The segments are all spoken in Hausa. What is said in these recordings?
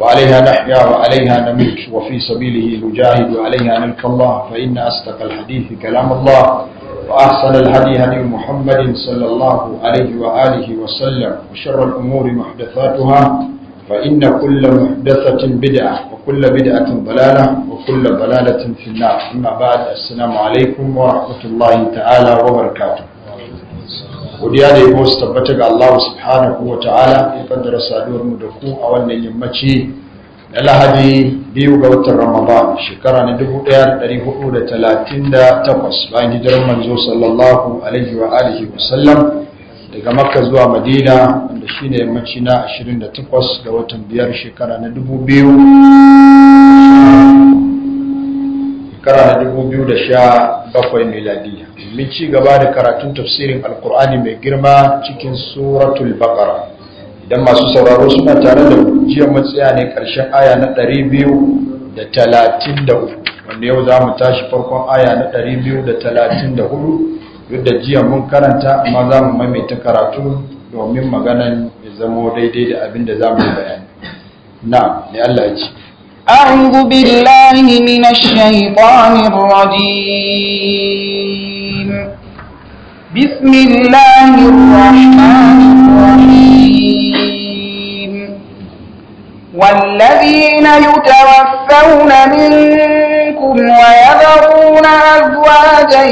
وعليها نحيا وعليها نميت وفي سبيله نجاهد وعليها نلقى الله فإن أصدق الحديث كلام الله وأحسن الهدي هدي محمد صلى الله عليه وآله وسلم وشر الأمور محدثاتها فإن كل محدثة بدعة وكل بدعة ضلالة وكل ضلالة في النار أما بعد السلام عليكم ورحمة الله تعالى وبركاته godiya da yabo su tabbata ga Allah subhanahu wa ta'ala ya kaddara saduwar mu da ku a wannan yammaci na Lahadi biyu ga watan Ramadan shekara na 1438 bayan hijirar manzo sallallahu alaihi wa alihi wa sallam daga Makka zuwa Madina wanda shine yammaci na 28 ga watan biyar shekara na 2000 shekara na 2017 miladiya mun ci gaba da karatun tafsirin alkur'ani mai girma cikin suratul baqara idan masu sauraro suna tare da jiya matsaya ne ƙarshen aya na 233 wanda yau za mu tashi farkon aya na 234 duk da jiya mun karanta amma za mu maimaita karatu domin maganan ya zamo daidai da abin da za mu bayani na ne Allah ya أعوذ بالله من الشيطان الرجيم بسم الله الرحمن الرحيم والذين يتوفون منكم ويذرون أزواجا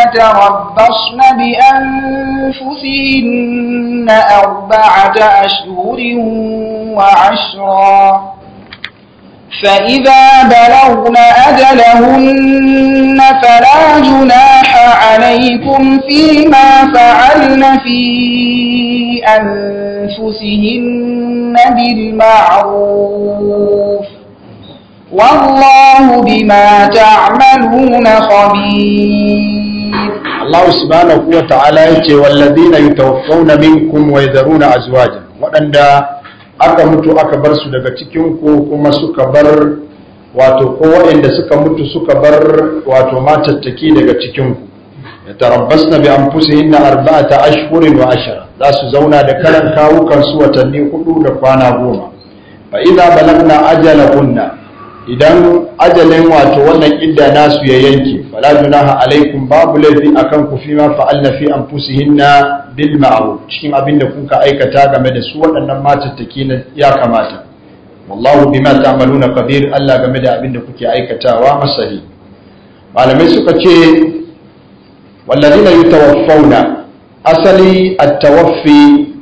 يتربصن بأنفسهن أربعة أشهر وعشرا فإذا بلغن أجلهن فلا جناح عليكم فيما فعلن في أنفسهن بالمعروف والله بما تعملون خبير الله سبحانه وتعالى يقول والذين يتوفون منكم ويذرون أزواجا وأن aka mutu aka bar su daga cikin ku kuma suka bar wato ko waɗanda suka mutu suka bar wato matattaki daga cikin ku ya tarabbas na bi an fusa yin arba'ata ashhurin wa ashara za su zauna da karan kawukan su watanni hudu da kwana goma fa idza balagna ajalahunna idan ajalin wato wannan idda nasu ya yanke wala junaha alaikum babu laifi akan ku fima fa'alna fi anfusihinna bil ma'ruf cikin abin da kuka aikata game da su waɗannan matattaki na ya kamata wallahu bima ta'maluna kabir Allah game da abin da kuke aikatawa masani malamai suka ce walladina tawaffauna asali at-tawaffi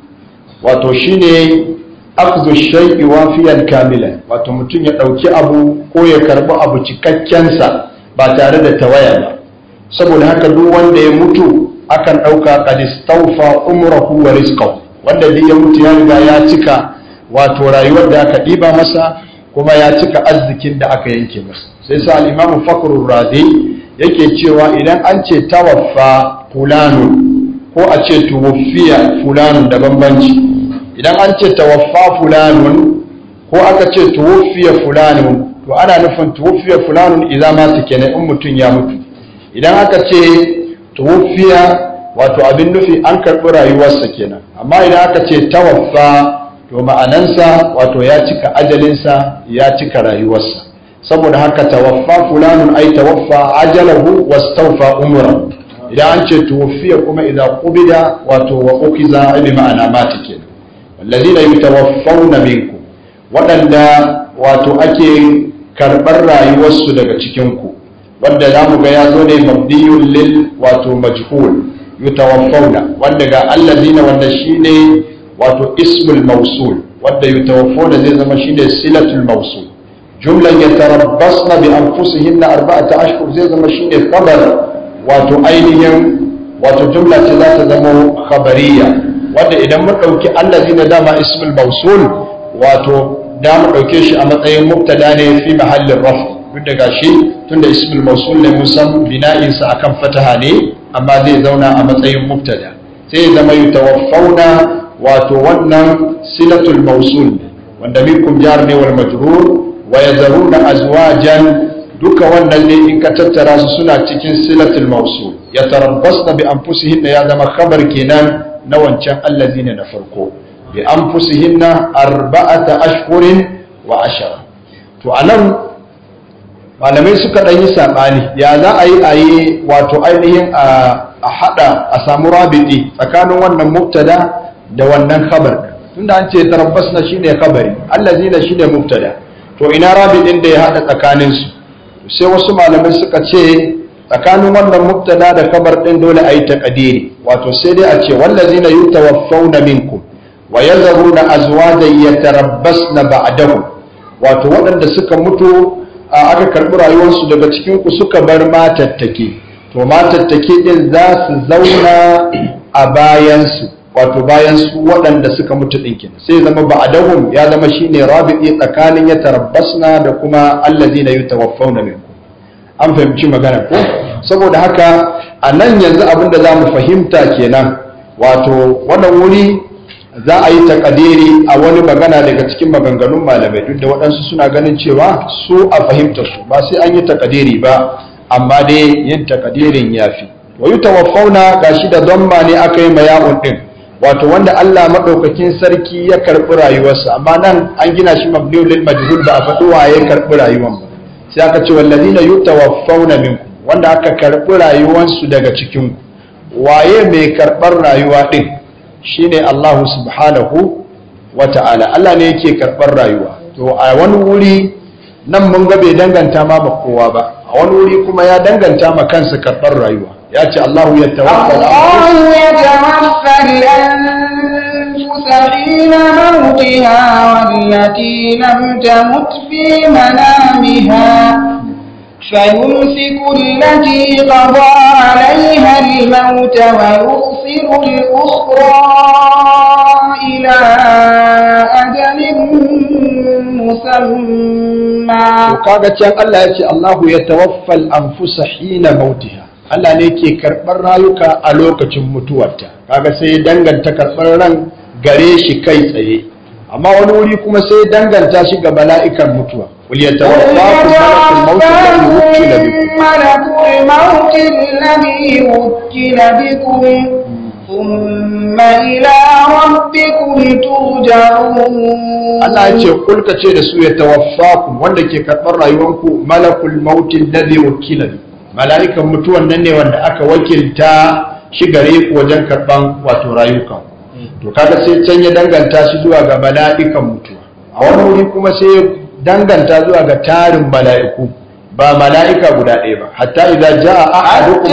wato shine akhdhu shay'i wafiyan kamilan wato mutum ya ɗauki abu ko ya karbi abu cikakken ba tare da tawaya ba saboda haka duk wanda ya mutu akan ɗauka kadistaufa umrahu wa rizqahu wanda duk ya mutu ya riga ya cika wato rayuwar da aka ɗiba masa kuma ya cika arzikin da aka yanke masa sai sa al-imamu fakhru razi yake cewa idan an ce tawaffa fulanu ko a ce tuwaffiya fulanun da bambanci idan an ce tawaffa fulanun ko aka ce tuwaffiya fulanun to ana nufin tuwufiya fulanun idza ma sakana in mutun ya mutu idan aka ce tuwufiya wato abin nufi an karɓi rayuwarsa kenan amma idan aka ce tawaffa to ma'anansa wato ya cika ajalinsa ya cika rayuwarsa saboda haka tawaffa fulanun ai tawaffa ajalahu wastawfa umra idan an ce tuwfiya kuma idan qubida wato wa ukiza bi ma'ana mati kenan wallazina yatawaffawna minkum wadanda wato ake karɓar rayuwarsu daga cikinku wanda za mu ga ya zo ne mabdiyun lil wato majhul yutawaffauna wanda ga allazina wanda shine wato ismul mausul wanda yutawaffauna zai zama shine silatul mausul jumlan yatarabbasna bi anfusihinna arba'ata ashhur zai zama shine khabar wato ainihin wato jumla ce za ta zama khabariya wanda idan mun dauki allazina dama ismul mausul wato da mu ɗauke shi a matsayin mubtada ne fi mahallin raf duk da gashi tunda ismul mausul ne mun san bina'insa akan fataha ne amma zai zauna a matsayin mubtada sai ya zama yutawaffauna wato wannan silatul mausul wanda minkum jar ne wal majrur wa yazaruna azwajan duka wannan ne in ka tattara su suna cikin silatul mausul ya tarabbasna bi anfusihinna ya zama khabar kenan na wancan ne na farko bi anfusihinna arba'ata ashhurin wa ashara to anan malamai suka ɗan saɓani ya za a yi a yi wato ainihin a haɗa a samu rabiti tsakanin wannan mubtada da wannan khabar tunda an ce tarabbas na shi ne khabari allazi na shi ne mubtada to ina rabitin da ya haɗa tsakaninsu sai wasu malamai suka ce tsakanin wannan mubtada da kabar ɗin dole a yi taƙadiri wato sai dai a ce wallazi na yi tawaffau na minkum wa yazaruna azwajan yatarabbasna ba'dahu wato waɗanda suka mutu aka karɓi rayuwarsu daga cikin ku suka bar matattake to matattake din za su zauna a bayansu wato bayan waɗanda suka mutu ɗinkin sai zama ba ya zama shine rabi'i tsakanin ya da kuma allazina yutawaffawna min an fahimci magana ko saboda haka a nan yanzu abin da za mu fahimta kenan wato wannan wuri za a yi takadiri a wani magana daga cikin maganganun malamai duk da waɗansu suna ganin cewa su a fahimtar su ba sai an yi takadiri ba amma dai yin takadirin yafi wa yi tawaffauna gashi da don ne aka yi maya'un ɗin. wato wanda Allah maɗaukakin sarki ya karɓi rayuwarsa amma nan an gina shi mabniyu lil majhul ba a faɗi wa ya karɓi rayuwar ba sai aka ce wallazina yutawaffawna minkum wanda aka karɓi rayuwarsu daga cikin waye mai karɓar rayuwa ɗin? shine Allah subhanahu wa ta'ala Allah ne yake karɓar rayuwa to a wani wuri nan mun ga bai danganta ma ba kowa ba a wani wuri kuma ya danganta ma kansa karɓar rayuwa ya ce Allahu ya tawaffa Allahu ya tawaffa فيمسك التي قضى عليها الموت ويؤثر الأخرى إلى أجل مسمى kaga can Allah ya ce Allahu ya tawaffal موتها Allah ne ke karɓar rayuka a lokacin mutuwarta kaga sai danganta karɓar ran gare shi kai tsaye amma wani wuri kuma sai danganta shi ga bala'ikan mutuwa وليتوفاكم ملك الموت الذي وكل بكم ثم إلى ربكم ترجعون الله يتي قل كتير سوء يتوفاكم وانا كي كتبر رأيوانكم mala'ikan mutuwan nan ne wanda aka wakilta shi gare ku wajen karɓan wato rayukan to kaga sai can ya danganta shi zuwa ga mala'ikan mutuwa a wani wuri kuma sai danganta zuwa ga tarin mala'iku ba mala'ika guda ɗaya ba hatta idza jaa ahadukum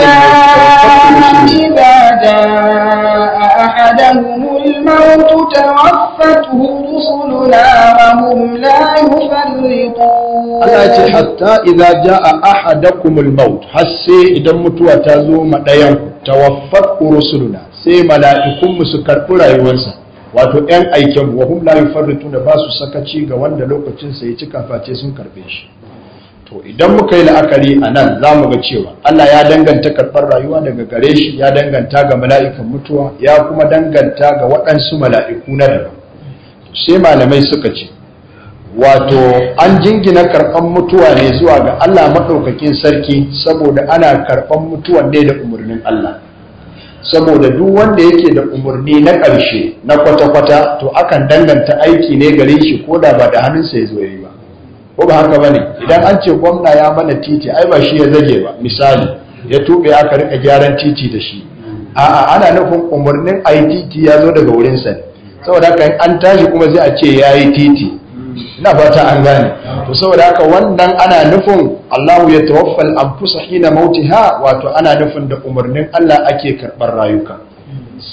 idza jaa ahaduhum al-maut tawaffatuhu rusuluna wa hum la yufarriqun Allah ya ce hatta idza jaa ahadukum al-maut har idan mutuwa ta zo ma ɗayan tawaffatu rusuluna sai mala'ikun su karɓi rayuwarsa wato yan aikin buhun hum la da ba su sakaci ga wanda lokacin sai ya cika face sun karbe shi to idan muka yi la'akari a nan za mu ga cewa Allah ya danganta karɓar rayuwa daga gare shi ya danganta ga mala'ikan mutuwa ya kuma danganta ga waɗansu mala'iku na daban sai malamai suka ce wato an jingina karɓar mutuwa ne zuwa ga Allah maɗaukakin sarki saboda ana karɓar mutuwan ne da umarnin Allah saboda duk wanda yake da umarni na ƙarshe na kwata-kwata to akan danganta aiki ne gare shi ko da ba da hannunsa ya zo yi ba ko ba haka bane idan an ce gwamna ya mana titi ai ba shi ya zage ba misali ya tube aka rika gyaran titi da shi a'a ana nufin umarnin ai titi ya zo daga wurin sa saboda haka an tashi kuma sai a ce yayi titi ina fata an gane to saboda haka wannan ana nufin Allahu ya tawaffa al-anfusa hina mautiha wato ana nufin da umarnin Allah ake karbar rayuka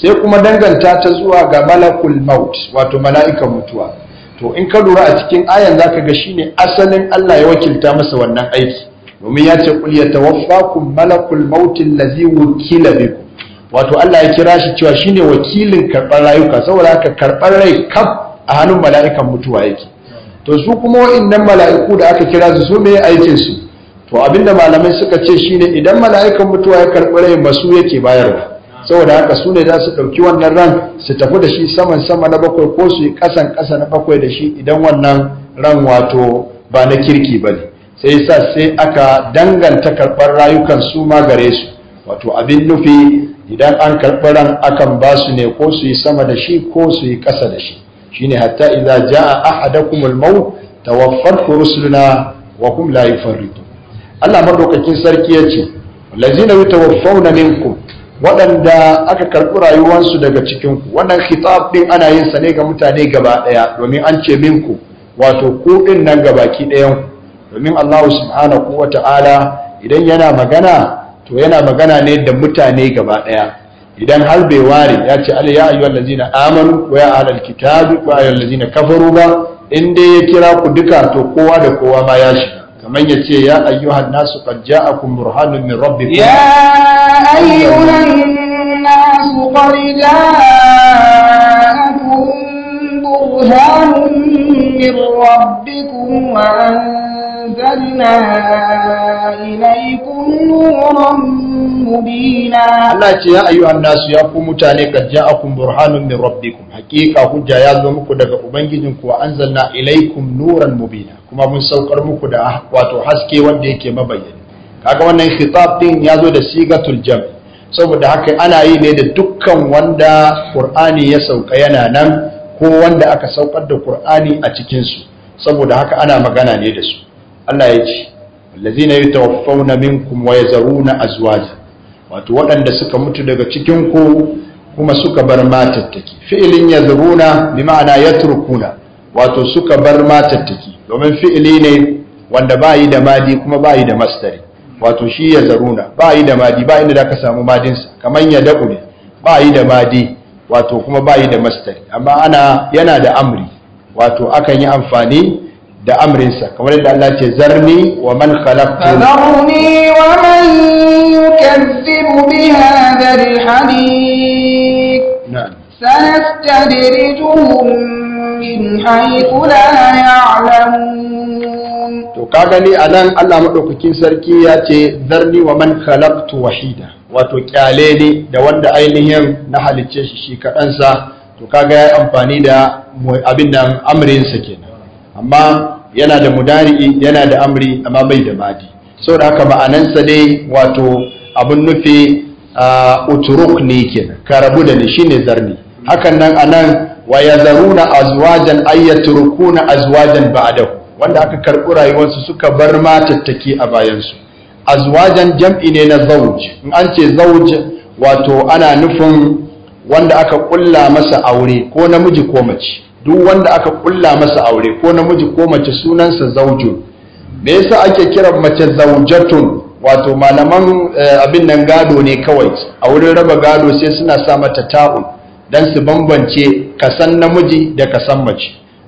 sai kuma danganta ta zuwa ga malakul maut wato mala'ikan mutuwa to in ka lura a cikin ayan zaka ga shine asalin Allah ya wakilta masa wannan aiki domin ya ce kul yatawaffakum malakul maut allazi wukila bikum wato Allah ya kira shi cewa shine wakilin karbar rayuka saboda haka karɓar rai kaf a hannun mala'ikan mutuwa yake to su kuma wa'annan mala'iku da aka kira su su me aikin su to abinda malamai suka ce shine idan mala'ikan mutuwa ya karɓi rai masu yake bayarwa saboda haka su ne za su ɗauki wannan ran su tafi da shi saman sama na bakwai ko su yi ƙasan ƙasa na bakwai da shi idan wannan ran wato ba na kirki ba ne sai sa sai aka danganta karɓar rayukan su ma gare su wato abin nufi idan an karɓi ran akan ba su ne ko su yi sama da shi ko su yi ƙasa da shi shine hatta idza jaa ahadakumul maut tawaffat rusuluna wa hum la yufarritu Allah madaukakin sarki yace allazina yatawaffawna minkum Wadanda aka karɓi su daga cikin ku wannan khitab ɗin ana yin sa ne ga mutane gaba ɗaya domin an ce minku wato ku din nan ga baki ɗayan domin Allah subhanahu wa ta'ala idan yana magana to yana magana ne da mutane gaba ɗaya idan har bai ware ya ce ala ya ayyuhal ladzina amanu wa ya ahlal kitab wa ayyuhal ladzina kafaru ba in dai ya kira ku duka to kowa da kowa ma ya shiga kamar ya ce ya ayyuhan nasu qad ja'akum burhanun min rabbikum ya ayyuhan nasu qad ja'akum burhanun من ربكم وأنزلنا إليكم نورا مبينا الله يا أيها الناس يا قوم قد جاءكم برهان من ربكم حقيقة هجا يازمكم دفع أبنجدكم وأنزلنا إليكم نورا مبينا كما من سوكر مكو دا واتوحسكي وديكي مبين kaga wannan khitab din yazo da sigatul jam saboda haka ana yi ne da dukkan wanda qur'ani ya sauka yana nan ko wanda aka saukar da Qur'ani a cikin su saboda haka ana magana ne da su Allah ya ce na allazina yatawaffawna minkum wa yazaruna azwaja wato waɗanda suka mutu daga cikin ku kuma suka bar matattaki fi'ilin yazaruna bi ma'ana yatrukuna wato suka bar matattaki domin fi'ili ne wanda yi da madi kuma yi da mastari wato shi yazaruna yi da madi ba inda ka samu madinsa kaman ya daku ne bayi da madi wato kuma bayi da mastari amma ana yana da amri wato akan yi amfani da amrinsa kamar yadda Allah ce zarni wa man khalaqtu zarni wa man yukazzibu bi hadha alhadith na'am sanastadrijuhum min haythu la ya'lamun to kaga ni anan Allah madaukakin sarki ya ce zarni wa man khalaqtu wahida wato kyale ne da wanda ainihin na halicce shi shi kaɗansa to kaga ya amfani da abin nan amrinsa kenan amma yana da mudari yana da amri amma bai da madi da haka ma'anansa ne wato abin nufi a uturuk ne kenan ka rabu da ni shine zarni hakan nan anan wa yazaruna azwajan ayyatrukuna azwajan ba'adau. wanda aka karɓi rayuwarsu suka bar matattaki a bayansu azwajan jam'i ne na zauj in an ce zauj wato ana nufin wanda aka kulla masa aure ko namiji ko mace duk wanda aka kulla masa aure ko namiji ko mace sunansa zaujun me yasa ake kiran mace zaujatun wato malaman eh, abin nan gado ne kawai a wurin raba gado sai suna sa mata ta'u dan su bambance kasan namiji da kasan mace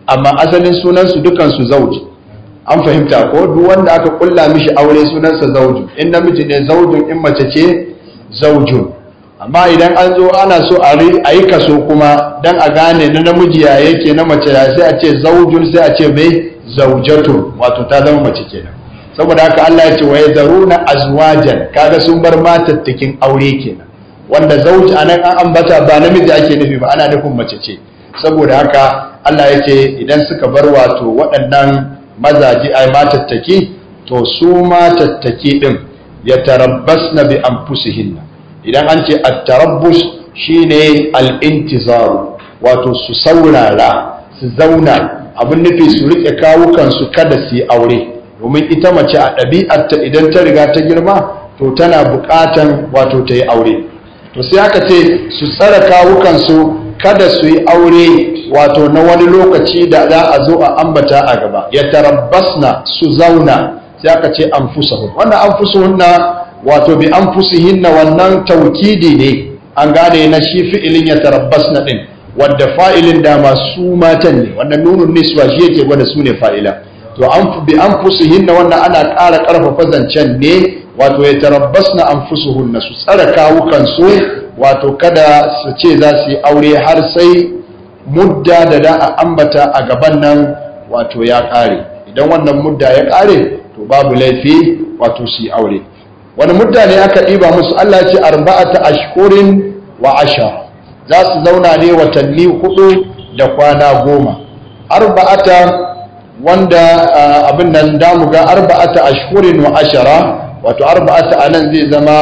amma asalin sunansu dukansu zauje. an fahimta ko duk wanda aka kulla mishi aure sunansa zauju in namiji ne zaujun in mace ce zaujun amma idan an zo ana so a yi kaso kuma dan a gane na namiji ya yake na mace ya sai a ce zaujun sai a ce mai zaujatu wato ta zama mace kenan saboda haka Allah ya ce wa yazaruna azwajan kaga sun bar matattakin aure kenan wanda zauji anan an ambata ba namiji ake nufi ba ana nufin mace ce saboda haka Allah ya ce idan suka bar wato waɗannan Mazaje ai matattaki to su matattaki din ya tarabbasna bi hinna, idan an ce at-tarabbus shine al-intizaru wato su saurara su zauna abin nufi su rike kawukansu kada su yi aure domin ita mace a ta idan ta riga ta girma to tana buƙatan wato ta yi aure to sai aka ce su tsara kawukansu kada su yi aure wato na wani lokaci da za a zo a ambata a gaba ya tarabbasna su zauna sai aka ce anfusahun wannan anfusuhunna wato bi na wannan taukidi ne an gane na shi fi'ilin ya tarabbasna din wanda fa'ilin da masu matan ne wannan nunun niswa shi yake gwada su ne fa'ila to an bi na wannan ana ƙara ƙarfafa zancen ne wato ya tarabbasna anfusuhunna su tsara kawukan su wato kada su ce za su yi aure har sai mudda da da a ambata a gaban nan wato ya ƙare idan wannan mudda ya ƙare to babu laifi wato su yi aure wani mudda ne aka ɗiba musu Allah ce arba'ata ashkurin wa asha za su zauna ne watanni hudu da kwana goma arba'ata wanda abin nan damu ga arba'ata ashkurin wa ashara wato arba'ata anan zai zama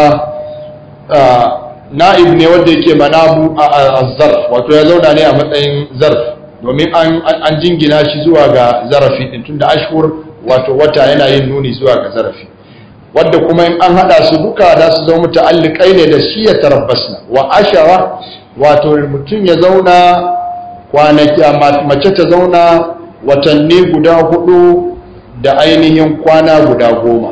na'ib ne wanda yake manabu a zarf wato ya zauna ne a matsayin zarf domin an jingina shi zuwa ga zarafi din tunda ashhur wato wata yana yin nuni zuwa ga zarafi wadda kuma in an hada su duka za su zama muta'alliqai ne da shi ya tarabbasna wa ashara wato mutum ya zauna kwanaki mace ta zauna watanni guda hudu da ainihin kwana guda goma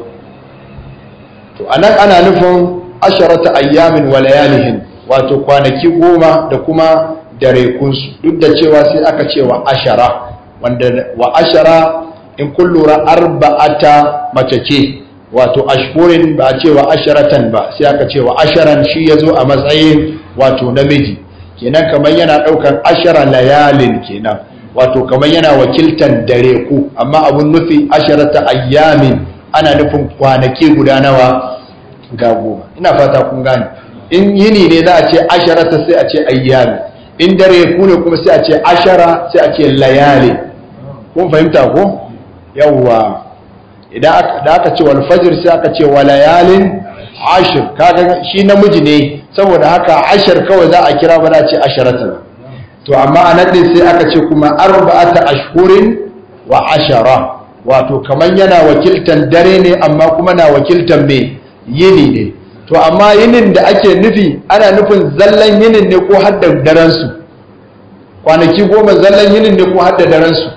to anan ana nufin asharata ayyamin wa layalihin wato kwanaki goma da kuma darekunsu duk da cewa sai aka ce wa ashara wanda wa ashara in kun lura arba'ata mace ce wato ashkurin ba a ce wa asharatan ba sai aka ce wa asharan shi ya zo a matsayin wato namiji kenan kamar yana ɗaukan ashara layalin kenan wato kamar yana wakiltan dare ku amma abun nufi asharata ayyamin ana nufin kwanaki guda nawa ga goma ina fata kun gane in yini ne za a ce ashara ta sai a ce ayyami in dare ku ne kuma sai a ce ashara sai a ce layali kun fahimta ko yawwa idan da aka ce wal fajr sai aka ce layalin ashir kaga shi namiji ne saboda haka ashir kawai za a kira ba za a ce asharatan to amma nan din sai aka ce kuma arba'ata ashhurin wa ashara wato kaman yana wakiltan dare ne amma kuma na wakiltan me yini ne to amma yinin da ake nufi ana nufin zallan yinin ne ko hadda daransu kwanaki goma zallan yinin ne ko hadda daransu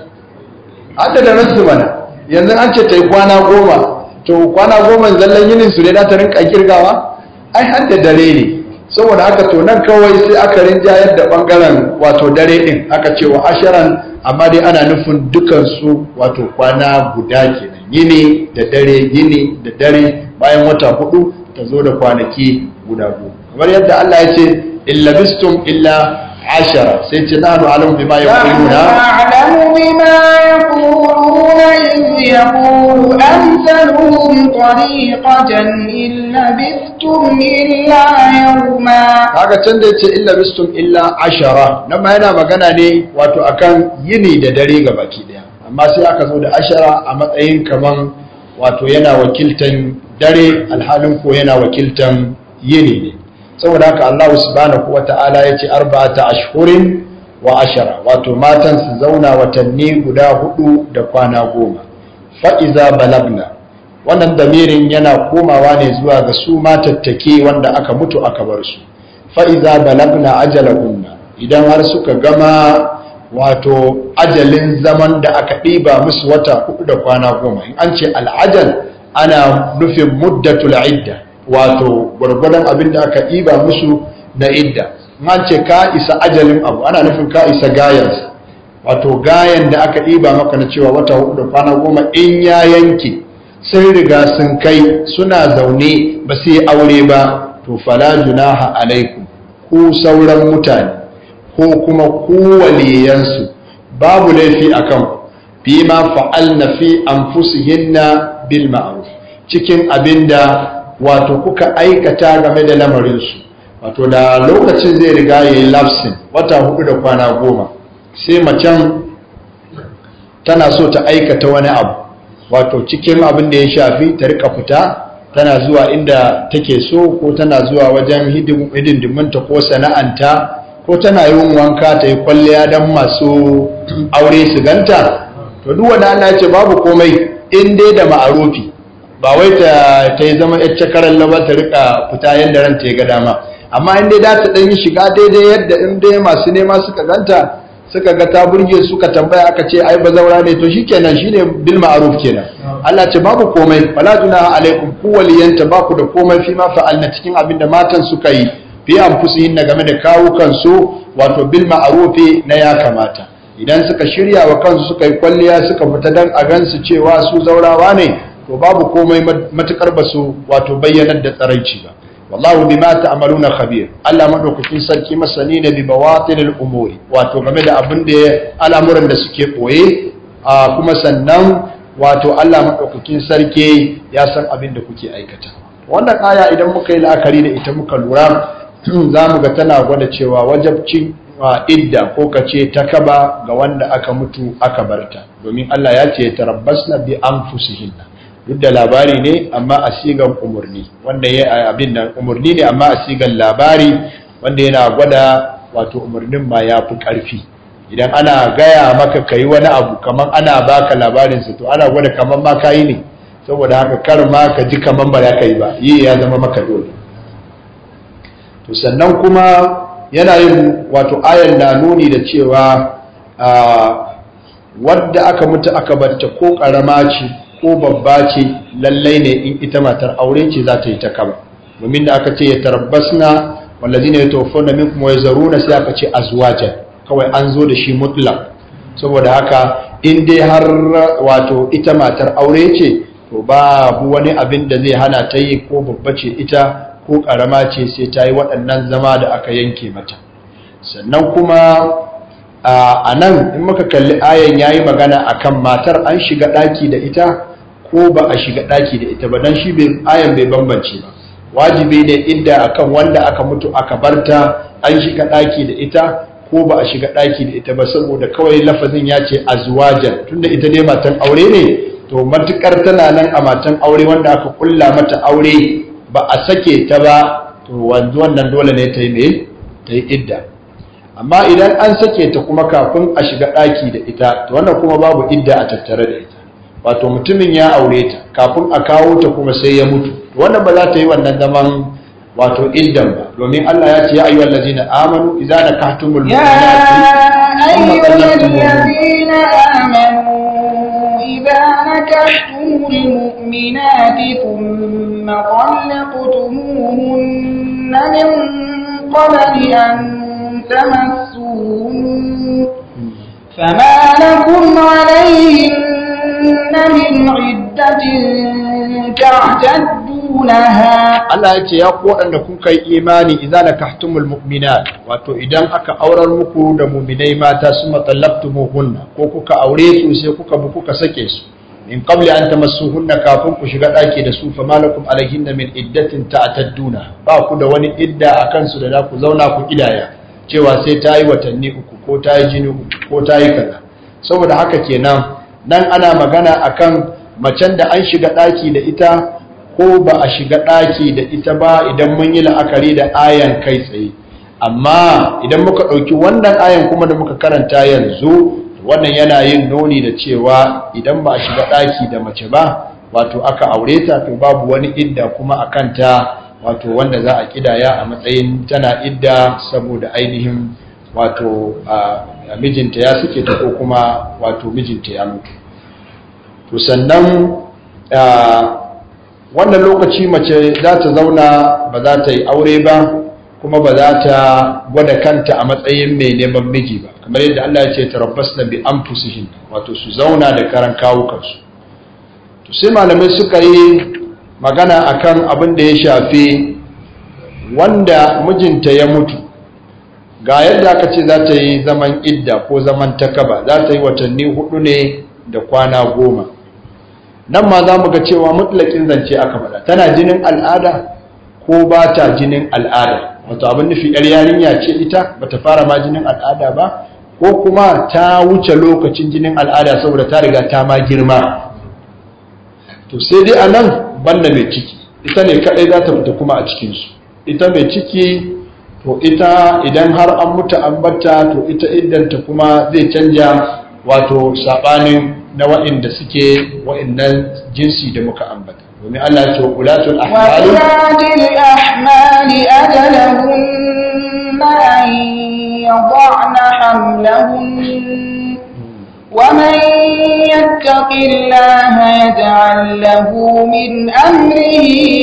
hadda daransu mana yanzu an ce ta yi kwana goma to kwana goma zallan yinin su ne da ta rinka kirgawa ai hadda dare ne saboda haka to nan kawai sai aka rinjayar da bangaren wato dare din aka ce wa asharan amma dai ana nufin dukansu wato kwana guda kenan yini da dare yini da dare bayan wata hudu ta zo da kwanaki guda goma kamar yadda Allah ya ce illabistum illa عشرة سيتنا نعلم بما يقولون أعلم بما يقولون إذ يقول أمثلهم طريقة إن لبثتم إلا يوما هذا تندت إن لبثتم إلا عشرة نما هنا مغانا لي واتو أكان يني دريقة باكي دي أما سيأكا سود عشرة أما أين كمان واتو ينا وكلتن دري الحالم ko ينا وكلتن يني دي. saboda haka Allah subhanahu ta'ala ya ce arba'ata ashhurin wa ashara wato matan su zauna watanni guda hudu da kwana goma fa'iza balagna wannan damirin yana komawa ne zuwa ga su matattake wanda aka mutu aka bar su fa'iza balagna ajalahunna idan har suka gama wato ajalin zaman da aka ɗiba musu wata hudu da kwana goma in an ce al'ajal ana nufin muddatul idda wato gwargwadon abin da aka ɗiba musu na idda man ce ka isa ajalin abu ana nufin ka isa gayansa wato gayan da aka ɗiba maka na cewa wata hudu da kwana goma in ya yanke sun riga sun kai suna zaune ba su yi aure ba to fala junaha alaikum ku sauran mutane ko kuma ku babu laifi a kan bi ma fa'al na fi an bil ma'aruf cikin abin da wato kuka aikata game da lamarinsu wato da lokacin zai riga ya yi lafsin wata hudu da kwana goma sai macen tana so ta aikata wani abu wato cikin abin da ya shafi ta rika fita tana zuwa inda take so ko tana zuwa wajen hidindiminta ko sana'anta ko tana yin wanka ta yi kwalliya don masu aure su ganta to duk wani ana ce babu komai in dai da ma'arufi ba wai ta yi zama yar cakarar laba ta rika fita yadda ran ta ga dama amma inda dai ta dan shiga daidai yadda inda ya masu nema suka ganta suka ga ta burge suka tambaya aka ce ai ba zaura ne to shi shi shine bil ma'ruf kenan Allah ce babu komai wala dunaha alaikum ku waliyanta ba ku da komai fi ma fa'alna cikin abin da matan suka yi fi na game da kawukan su wato bil ma'rufi na ya kamata idan suka shirya wa kansu suka yi kwalliya suka fita dan a gansu cewa su zaurawa ne to babu komai matukar ba su wato bayyanar da tsaraici ba wallahu bima ta'maluna khabir Allah madaukakin sarki masani ne bi bawatil umuri wato game da abin da al'amuran da suke koye kuma sannan wato Allah madaukakin sarki ya san abin da kuke aikata wannan aya idan muka yi la'akari da ita muka lura za mu ga tana gwada cewa wajabcin idda ko kace ta kaba ga wanda aka mutu aka barta domin Allah ya ce tarabbasna bi anfusihinna duk da labari ne amma a sigan umarni wanda ya abin nan umarni ne amma a sigan labari wanda yana gwada wato umarnin ma ya fi ƙarfi idan ana gaya maka ka yi wani abu kamar ana baka labarinsa to ana gwada kamar ma ka yi ne saboda haka kar ma ka ji kamar ba ya ka yi ba yi ya zama maka dole to sannan kuma yana yin wato ayar na nuni da cewa wadda aka mutu aka barta ko ƙarama ce ko babba ce lallai ne in ita matar aure ce za ta yi ta kama domin da aka ce ya tarabbasna wallazi ne ya tofo na min kuma ya zaru na sai aka ce azwajan kawai an zo da shi mutla saboda haka in dai har wato ita matar aure ce to babu wani abin da zai hana ta yi ko babba ce ita ko karama ce sai ta yi waɗannan zama da aka yanke mata sannan kuma a nan in muka kalli ayan ya yi magana a kan matar an shiga ɗaki da ita ko ba a shiga ɗaki da ita ba don shi ayan bai bambance ba wajibi ne idda akan wanda aka mutu aka barta an shiga ɗaki da ita ko ba a shiga ɗaki da ita ba saboda kawai lafazin ya ce a azwajan tunda ita dai matan aure ne to matukar tana nan a matan aure wanda aka kulla mata aure ba a sake ta ba to wannan dole ne ta yi me ta yi idda amma idan an sake ta kuma kafin a shiga ɗaki da ita to wannan kuma babu idda a tattare da ita wato mutumin ya aure ta kafin a kawo ta kuma sai ya mutu wannan ba za ta yi wannan zaman wato iddan ba domin Allah ya ce ya ayyuhal ladina amanu idza nakahtumul mu'minati ثم طلقتموهن تمسون فما لكم عليهن من عدة تعتدونها الله يتي يقوى أنكم كي إيماني إذا نكحتم المؤمنات واتو إذا أكا أورا المكو دمومني ما تسمى طلبتموهن كوكوكا أوريسو سيكوكا بكوكا سكيسو in qabli an tamassuhunna kafin ku shiga daki da su famalakum alaihinna min iddatin ta'tadduna ba ku da wani idda akan su da za ku zauna ku kidaya cewa sai ta yi watanni uku ko ta yi jini uku ko ta yi kaza saboda haka kenan nan ana magana akan macen da an shiga ɗaki da ita ko ba a shiga ɗaki da ita ba idan mun yi la'akari da ayan kai tsaye amma idan muka ɗauki wannan ayan kuma da muka karanta yanzu wannan yana yin noni da cewa idan ba a shiga ɗaki da mace ba wato aka aure ta to babu wani idda kuma a kanta wato wanda za a kidaya a matsayin tana idda saboda ainihin wato a mijinta ya suke ta ko kuma wato mijinta ya mutu to sannan wannan lokaci mace za ta zauna ba za ta yi aure ba kuma ba za ta gwada kanta a matsayin mai neman miji ba kamar yadda Allah ya ce tarabbas na bi an wato su zauna da karan kawukansu kansu to sai malamai suka yi magana akan abin da ya shafi wanda mijinta ya mutu ga yadda aka ce za ta yi zaman idda ko zaman takaba za ta yi watanni hudu ne da kwana goma nan ma za mu ga cewa mutlakin zance aka faɗa tana jinin al'ada ko ba ta jinin al'ada wato abin nufi yar yarinya ce ita ba ta fara ma jinin al'ada ba ko kuma ta wuce lokacin jinin al'ada saboda ta riga ta ma girma to sai dai a nan banda mai ciki ita ne kadai za ta fita kuma a cikin su ita mai ciki to ita idan har an mutu an batta to ita iddanta kuma zai canja wato sabanin na wa'inda suke wa'innan jinsi da muka ambata domin Allah ya ce wa ulatul ahmali ulatul ahmali ajalahum ma yadhana hamlahum ومن يتق الله يجعل له من أمره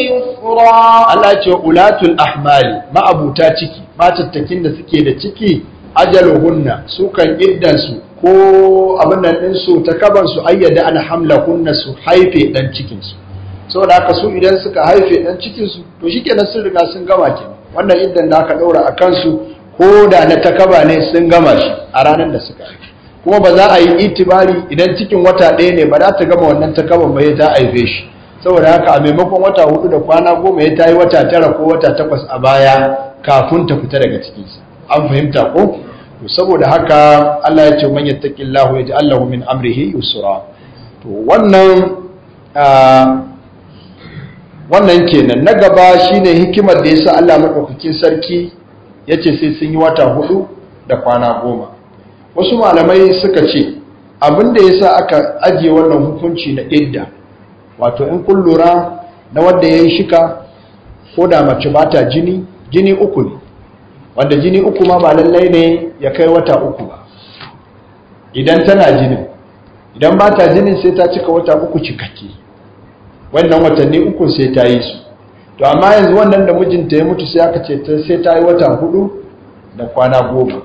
يسرا الله يقول أولاة الأحمال ما أبو تاتيكي ما تتكين سكي ajaluhunna sukan iddansu ko abin nan ɗinsu ta su ayyada an hamlahunna su haife cikin cikinsu saboda haka su idan suka haife cikin cikinsu to shi sun riga sun gama ke wannan iddan da aka ɗaura a kansu ko da na takaba ne sun gama shi a ranar da suka haife kuma ba za a yi itibari idan cikin wata ɗaya ne ba za ta gama wannan takaban ba ya ta aife shi saboda haka a maimakon wata hudu da kwana goma ya ta yi wata tara ko wata takwas a baya kafin ta fita daga cikinsa an fahimta ko to saboda haka Allah ya ce man yattaqillahu yaj'al lahu min amrihi yusra to wannan wannan kenan na gaba shine hikimar da yasa Allah madaukakin sarki yace sai sun yi wata hudu da kwana goma wasu malamai suka ce abin da yasa aka ajiye wannan hukunci na idda wato in kun lura na wanda ya yi shika ko da mace ba ta jini jini uku ne wanda jini uku ma ba lallai ne ya kai wata uku ba idan tana jinin idan ba ta jinin sai ta cika wata uku cikakke wannan watanni uku sai ta yi su to amma yanzu wannan da mijinta ya mutu sai aka ce sai ta yi wata hudu da kwana goma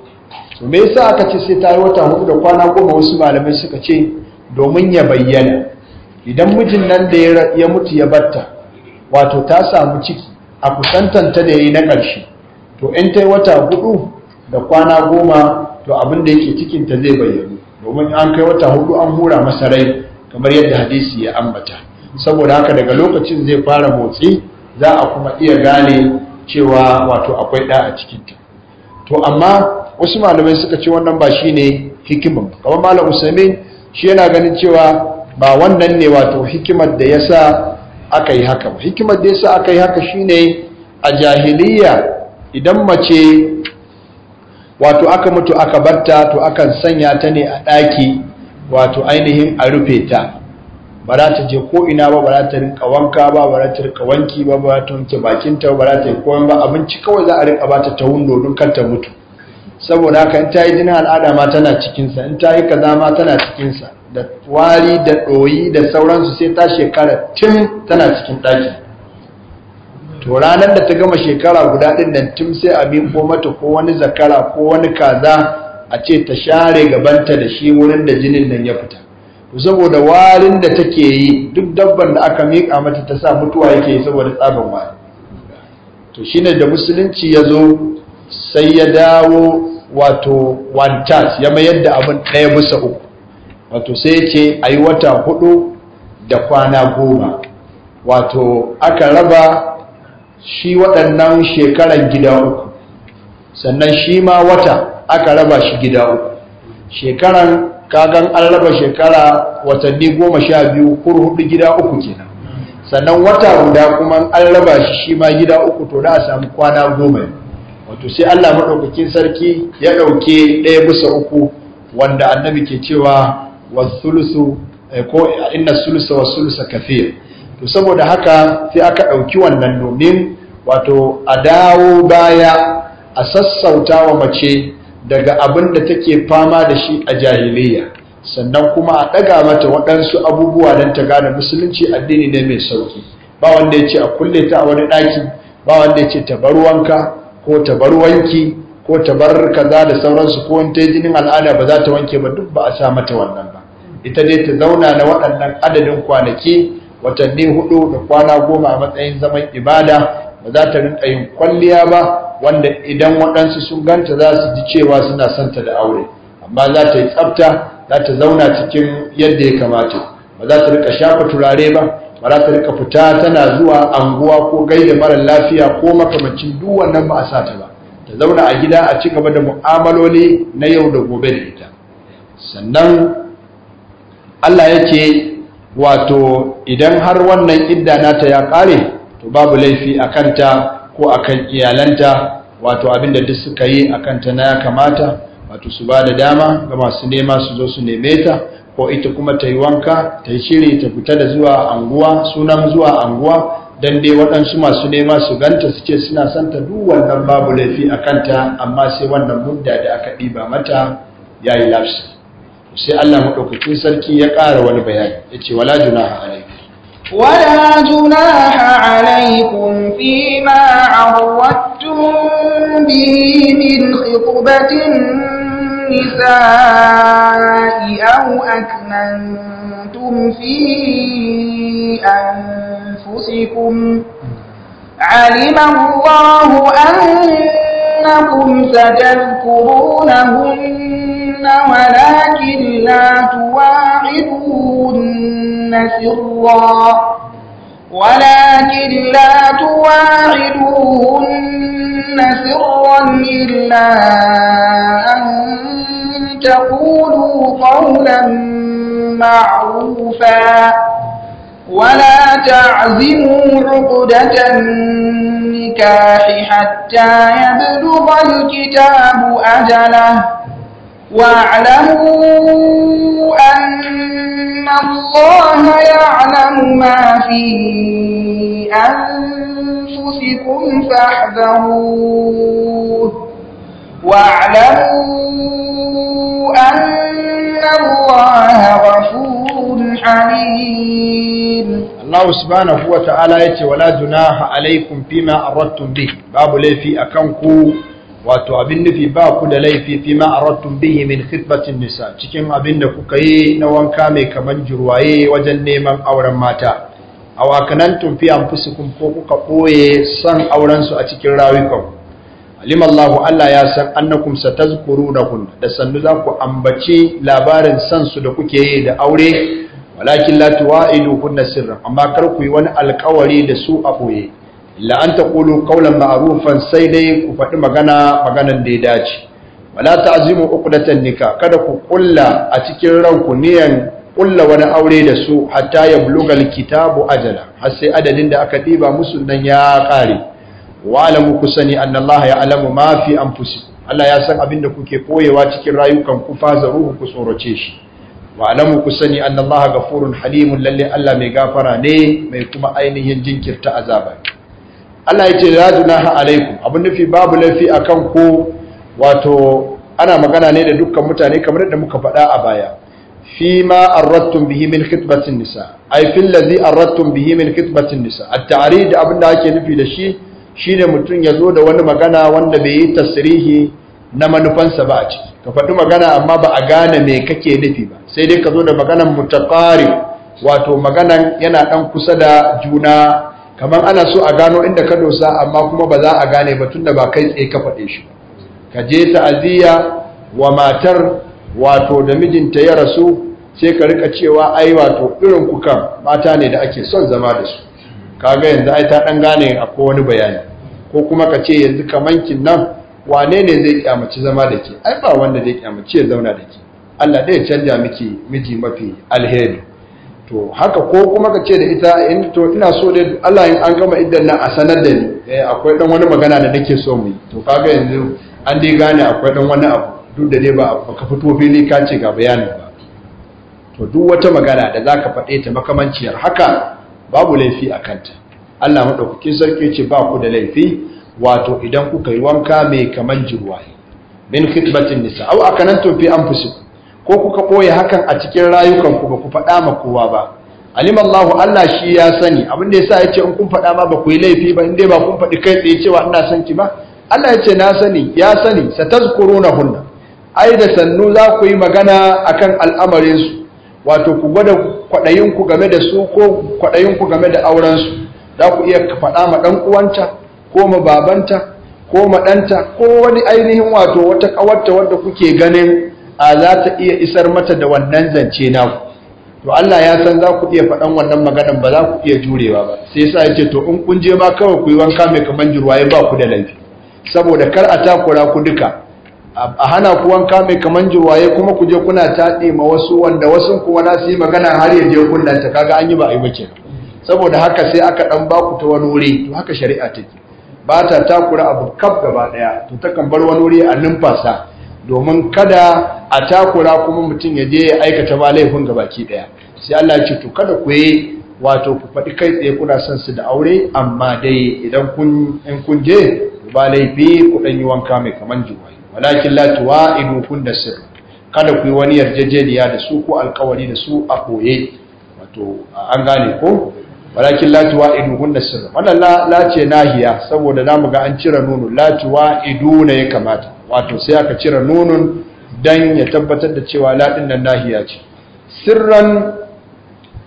me yasa aka ce sai ta yi wata hudu da kwana goma wasu malamai suka ce domin ya bayyana idan mijin nan da ya mutu ya batta wato ta samu ciki a kusantanta da ya yi na ƙarshe to in ta yi wata hudu da kwana goma to abin da yake cikinta zai bayyana domin an kai wata hudu an hura masarai kamar yadda hadisi ya ambata saboda haka daga lokacin zai fara motsi za a kuma iya gane cewa wato akwai ɗa a cikinta to amma wasu malamai suka ce wannan ba shi ne hikiman kamar malam usaimin shi yana ganin cewa ba wannan ne wato hikimar da ya sa aka yi haka ba hikimar da ya sa aka yi haka shi ne a jahiliya idan mace wato aka mutu aka barta to akan sanya ta ne a ɗaki wato ainihin a rufe ta ba za ta je ko'ina ba ba za ta rinka wanka ba ba za ta rinka wanki ba ba ta wanke bakinta ba za ta yi koyon ba abinci kawai za a rinka ba ta ta wundo don kar ta mutu saboda haka in ta yi jinin al'ada ma tana cikinsa in ta yi kaza ma tana cikinsa da wari da ɗoyi da sauransu sai ta shekara tun tana cikin ɗaki to ranar da ta gama shekara guda ɗin nan tun sai a ko mata ko wani zakara ko wani kaza a ce ta share gabanta da shi wurin da jinin nan ya fita to saboda warin da take yi duk dabban da aka miƙa mata ta sa mutuwa yake yi saboda tsabin wari to shine da musulunci ya zo sai ya dawo wato one ya mayar da abin ɗaya bisa uku wato sai ya ce a yi wata hudu da kwana goma wato aka raba shi waɗannan shekaran gida uku sannan shi ma wata aka raba shi gida uku shekaran kagan an raba shekara watanni goma sha biyu kur hudu gida uku kenan sannan wata guda kuma an raba shi shi ma gida uku to da a samu kwana goma wato sai Allah maɗaukakin sarki ya ɗauke ɗaya bisa uku wanda annabi ke cewa wasulusu eh, ko inna sulusa wasulusa kafir to saboda haka sai aka ɗauki wannan domin wato a dawo baya a sassauta wa mace daga abin da take fama da shi a jahiliya sannan kuma a ɗaga mata waɗansu abubuwa don ta gane musulunci addini ne mai sauki ba wanda ya ce a kulle ta a wani ɗaki ba wanda ya ce ta bar wanka ko ta bar wanki ko ta bar kaza da sauransu ko ta jinin al'ada ba za ta wanke ba duk ba a sa mata wannan ba ita dai ta zauna na waɗannan adadin kwanaki watanni hudu da kwana goma a matsayin zaman ibada ba za ta rinka yin kwalliya ba wanda idan waɗansu sun ganta za su ji cewa suna santa da aure amma za ta yi tsafta za ta zauna cikin yadda ya kamata ba za ta rika shafa turare ba ba za ta rika fita tana zuwa anguwa ko gaida mara lafiya ko makamancin duk wannan ba a sa ta ba ta zauna a gida a ci gaba da mu'amaloli na yau da gobe da ita sannan Allah yake wato idan har wannan idda nata ya kare to babu laifi a kanta ko akan iyalanta wato abin da duk suka yi a kanta na ya kamata wato su ba da dama ga masu nema su zo su neme ta ko ita kuma ta yi wanka ta yi shiri ta fita da zuwa anguwa sunan zuwa anguwa don dai waɗansu masu nema su ganta su ce suna santa duk wannan babu laifi a kanta amma sai wannan mudda da aka ɗiba mata ya yi lafsi sai Allah maɗaukacin sarki ya ƙara wani bayani ya ce wala junaha alaikum ولا النساء أو أكننتم في أنفسكم علم الله أنكم ستذكرونهن ولكن لا تواعدون سرا ولكن لا تواعدوهن سرا إلا أن تقولوا قولا معروفا ولا تعزموا عقدة النكاح حتى يبلغ الكتاب أجله واعلموا أن الله يعلم ما في أنفسكم فاحذروه واعلموا أن الله غفور حليم الله سبحانه وتعالى يتي ولا جناح عليكم فيما أردتم به باب لي في أكنكو wato abin nufi ba ku da laifi fi ma aradtum bihi min khitbatin nisa cikin abin da kuka yi na wanka mai kaman jirwaye wajen neman auren mata awakanan an fi anfusikum ko kuka ɓoye son aurensu a cikin rayukanku alim Allah ya san annakum satazkurunahun da sannu za ku ambace labarin san su da kuke yi da aure walakin la tuwa'iduhunna sirran amma kar ku yi wani alƙawari da su a boye illa an taqulu qawlan ma'rufan sai dai ku faɗi magana maganan da ya dace wala ta'zimu uqdatan nikah kada ku kulla a cikin ranku niyan kulla wani aure da su hatta yablugal kitabu ajala har sai adadin da aka diba musu ya ƙare wa'alamu ku sani annallaha alamu ma fi anfusikum Allah ya san abin da kuke koyewa cikin rayukan ku fazaruhu ku tsorace shi wa'alamu ku sani annallaha ghafurun halimun lalle Allah mai gafara ne mai kuma ainihin jinkirta azaba Allah ya ce la junaha alaikum abin nufi babu laifi akan ku wato ana magana ne da dukkan mutane kamar yadda muka faɗa a baya Fima فيما nisa. به من خطبة النساء أي في الذي nisa به da abin da ake nufi da shi. Shi ne mutum ya zo da wani magana wanda bai yi tasirihi na manufansa ba a ciki ka faɗi magana amma ba a gane mai kake nufi ba sai dai ka zo da maganan mutakari wato maganan yana ɗan kusa da juna kamar ana so a gano inda ka dosa amma kuma ba za a gane ba tun da ba kai tsaye ka faɗe shi ka je ta'aziyya wa matar wato da mijinta ya rasu sai ka rika cewa ai wato irin kukan mata ne da ake son zama da su kaga yanzu ai ta dan gane akwai wani bayani ko kuma ka ce yanzu kamankin nan wane ne zai kyamaci zama da ke ai ba wanda zai kyamaci ya zauna da ke Allah ya canja miki miji mafi alheri to haka ko kuma ka ce da ita in to ina so dai Allah in an gama idan nan a sanar da ni eh akwai dan wani magana da nake so mu to kaga yanzu an dai gane akwai dan wani abu duk da dai ba ka fito fili ka ce ga bayani ba to duk wata magana da zaka faɗe ta makamanciyar haka babu laifi a kanta Allah maɗaukakin sarki ce ba ku da laifi wato idan kuka yi wanka mai kamar jirwaye min khidmatin nisa au tofi an fusi ko kuka ɓoye hakan a cikin rayukan ku ba ku faɗa ma kowa ba alim Allah shi ya sani abin da yasa ce in kun faɗa ma ba ku yi laifi ba dai ba kun faɗi kai tsaye cewa ina son ki ba Allah ce na sani ya sani hunna ai da sannu za ku yi magana akan al'amarin su wato ku gwada kwaɗayinku game da su ko kwaɗayinku game da aurensu za ku iya faɗa ma ɗan uwanta ko ma babanta ko ma ɗanta ko wani ainihin wato wata ƙawarta wadda kuke ganin a za ta iya isar mata da wannan zance naku to Allah ya san za ku iya faɗan wannan maganan ba za ku iya jurewa ba sai yasa yace to in kun je ma kawai ku yi wanka mai kaman jurwaye ba ku da laifi saboda kar a takura ku duka a hana ku wanka mai kaman jirwaye kuma ku je kuna taɗe ma wasu wanda wasu kuma na su yi magana har ya je kullanta kaga an yi ba a yi saboda haka sai aka dan ku ta wani wuri to haka shari'a take ba ta takura abu kaf gaba daya to takan bar wani wuri a numfasa domin kada a takura kuma mutum ya je ya aikata ba laifin gabaki daya sai Allah ya ce to kada ku yi wato ku faɗi kai tsaye kuna son su da aure amma dai idan kun in kun je ba laifi ku dan yi wanka mai kaman jiwaye walakin la tuwa'idu da sirr kada ku yi wani yarjejeniya da su ko alkawari da su a koye wato an gane ko walakin la tuwa'idu da sirr wannan la ce nahiya saboda zamu ga an cire nunu, la tuwa'idu ne ya kamata wato sai aka cire nunun dan ya tabbatar da cewa la din nan nahiya ce sirran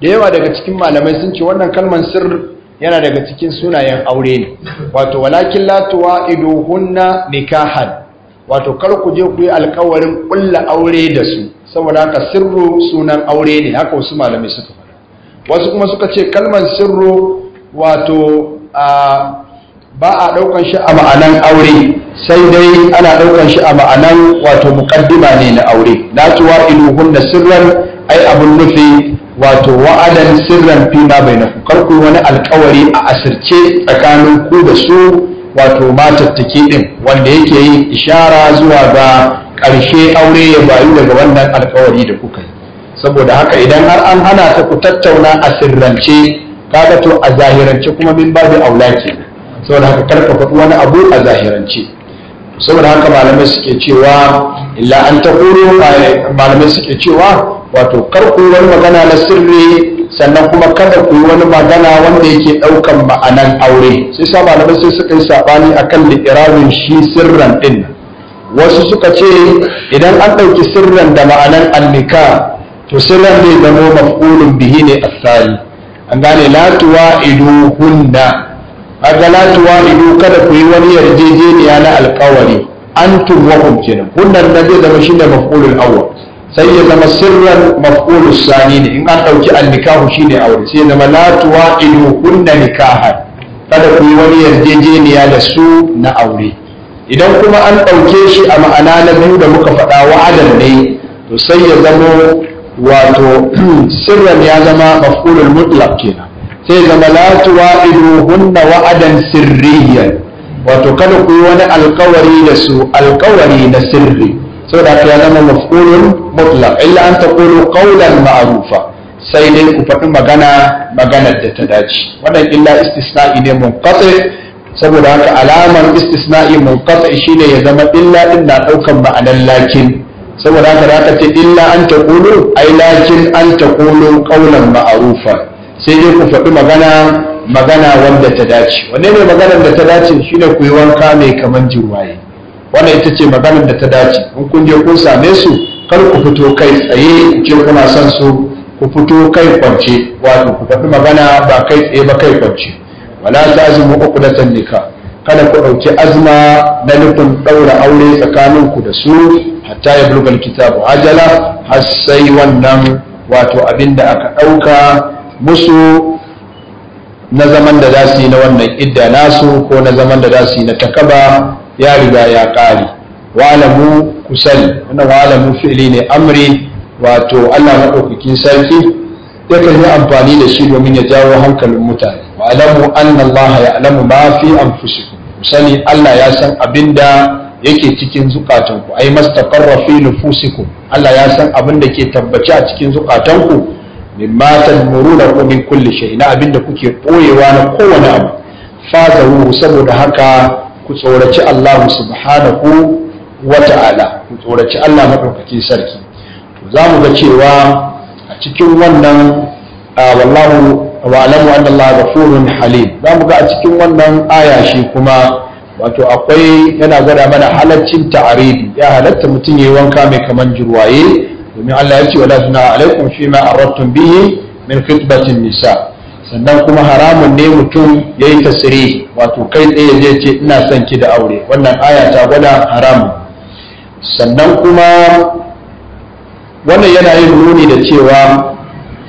da yawa daga cikin malamai sun ce wannan kalman sirr yana daga cikin sunayen aure ne wato walakin la tuwa'idu hunna nikahan wato kar ku je ku yi alkawarin kulla aure da su saboda haka sirru sunan aure ne haka wasu malamai suka faɗa wasu kuma suka ce kalmar sirru wato ba a ɗaukan shi a ma'anan aure sai dai ana ɗaukan shi a ma'anan wato muƙaddima ne na aure na ilu hunna sirran ai abun nufi wato wa'adan sirran fi ma bai kar ku wani alkawari a asirce tsakanin ku da su wato matattake ɗin wanda yake yi ishara zuwa ga ƙarshe aure ya bayu daga wannan alkawari da kuka yi saboda haka idan har an hana ta ku tattauna a sirrance kaga to a zahirance kuma min babu aula ke saboda haka karka faɗi wani abu a zahirance saboda haka malamai suke cewa illa an ta malamai suke cewa wato karku wani magana na sirri sannan kuma kada ku yi wani magana wanda yake ɗaukan ma'anan aure sai sa malamai sai suka yi saɓani akan liƙirarin shi sirran ɗin wasu suka ce idan an ɗauki sirran da ma'anan annika to sirran zai zamo maf'ulun bihi ne asali an gane latuwa idu hunna aga latuwa idu kada ku yi wani yarjejeniya na alkawari antum wa hum hunnan na zai zama shine mafulun awwal sai ya zama sirran maf'ulus sani ne in an ɗauki annikahu shine aure sai ya zama la kunna nikahan kada ku yi wani yarjejeniya da su na aure idan kuma an ɗauke shi a ma'ana na biyu da muka faɗa wa'adan ne to sai ya zama wato sirran ya zama maf'ulul mutlaq kenan sai ya zama la tuwa'idu wa'adan sirriyan wato kada ku yi wani alkawari da su alkawari na sirri saboda haka ya zama maf'ulun mutlaq illa an taqulu qawlan ma'rufa sai dai ku faɗi magana maganar da ta dace wannan illa istisna'i ne munqati saboda haka alamar istisna'i munqati shine ya zama illa din na daukan ma'anar lakin saboda haka zaka ce illa an taqulu ai lakin an taqulu qawlan ma'rufa sai dai ku faɗi magana magana wanda ta dace wanne ne maganar da ta dace shine ku yi wanka mai kaman jirwaye wannan ita ce maganar da ta dace in kun je kun same su kar ku fito kai tsaye ku ce kuna son su ku fito kai kwance wato ku faɗi magana ba kai tsaye ba kai kwance wala uku da tannika. kada ku ɗauki azma na nufin ɗaura aure tsakanin ku da su hatta ya bulgal kitabu ajala har sai wannan wato abin da aka ɗauka musu na zaman da za su yi na wannan idda nasu ko na zaman da za su yi na takaba ya riga ya ƙare wa'alamu kusani wannan walamu fili ne amri wato Allah ɗaukakin sarki yakan yi amfani da shi domin ya jawo hankalin mutane wa'alamu anna Allah ya'lamu ma fi anfusikum sani Allah ya san abinda yake cikin zukatanku ai mastaqarra fi nufusikum Allah ya san abin da ke tabbaci a cikin zukatanku mimma tadmuruna ku min kulli shai, na abin da kuke ɓoyewa na kowane abu fazahu saboda haka ku tsoraci Allah subhanahu wa ta'ala ku tsoraci Allah maɗaukakin sarki za mu ga cewa a cikin wannan wallahu wa alamu anna Allah ghafurun halim za ga a cikin wannan aya shi kuma wato akwai yana gwada mana halaccin ta'aridi ya halatta mutum yayi wanka mai kaman jirwaye domin Allah ya ce wala tuna alaikum fi ma aradtum bihi min khitbatin nisa sannan kuma haramun ne mutum ya yi tasiri wato kai tsaye zai ce ina son ki da aure wannan aya ta gwada haramun sannan kuma wannan yana yin nuni da cewa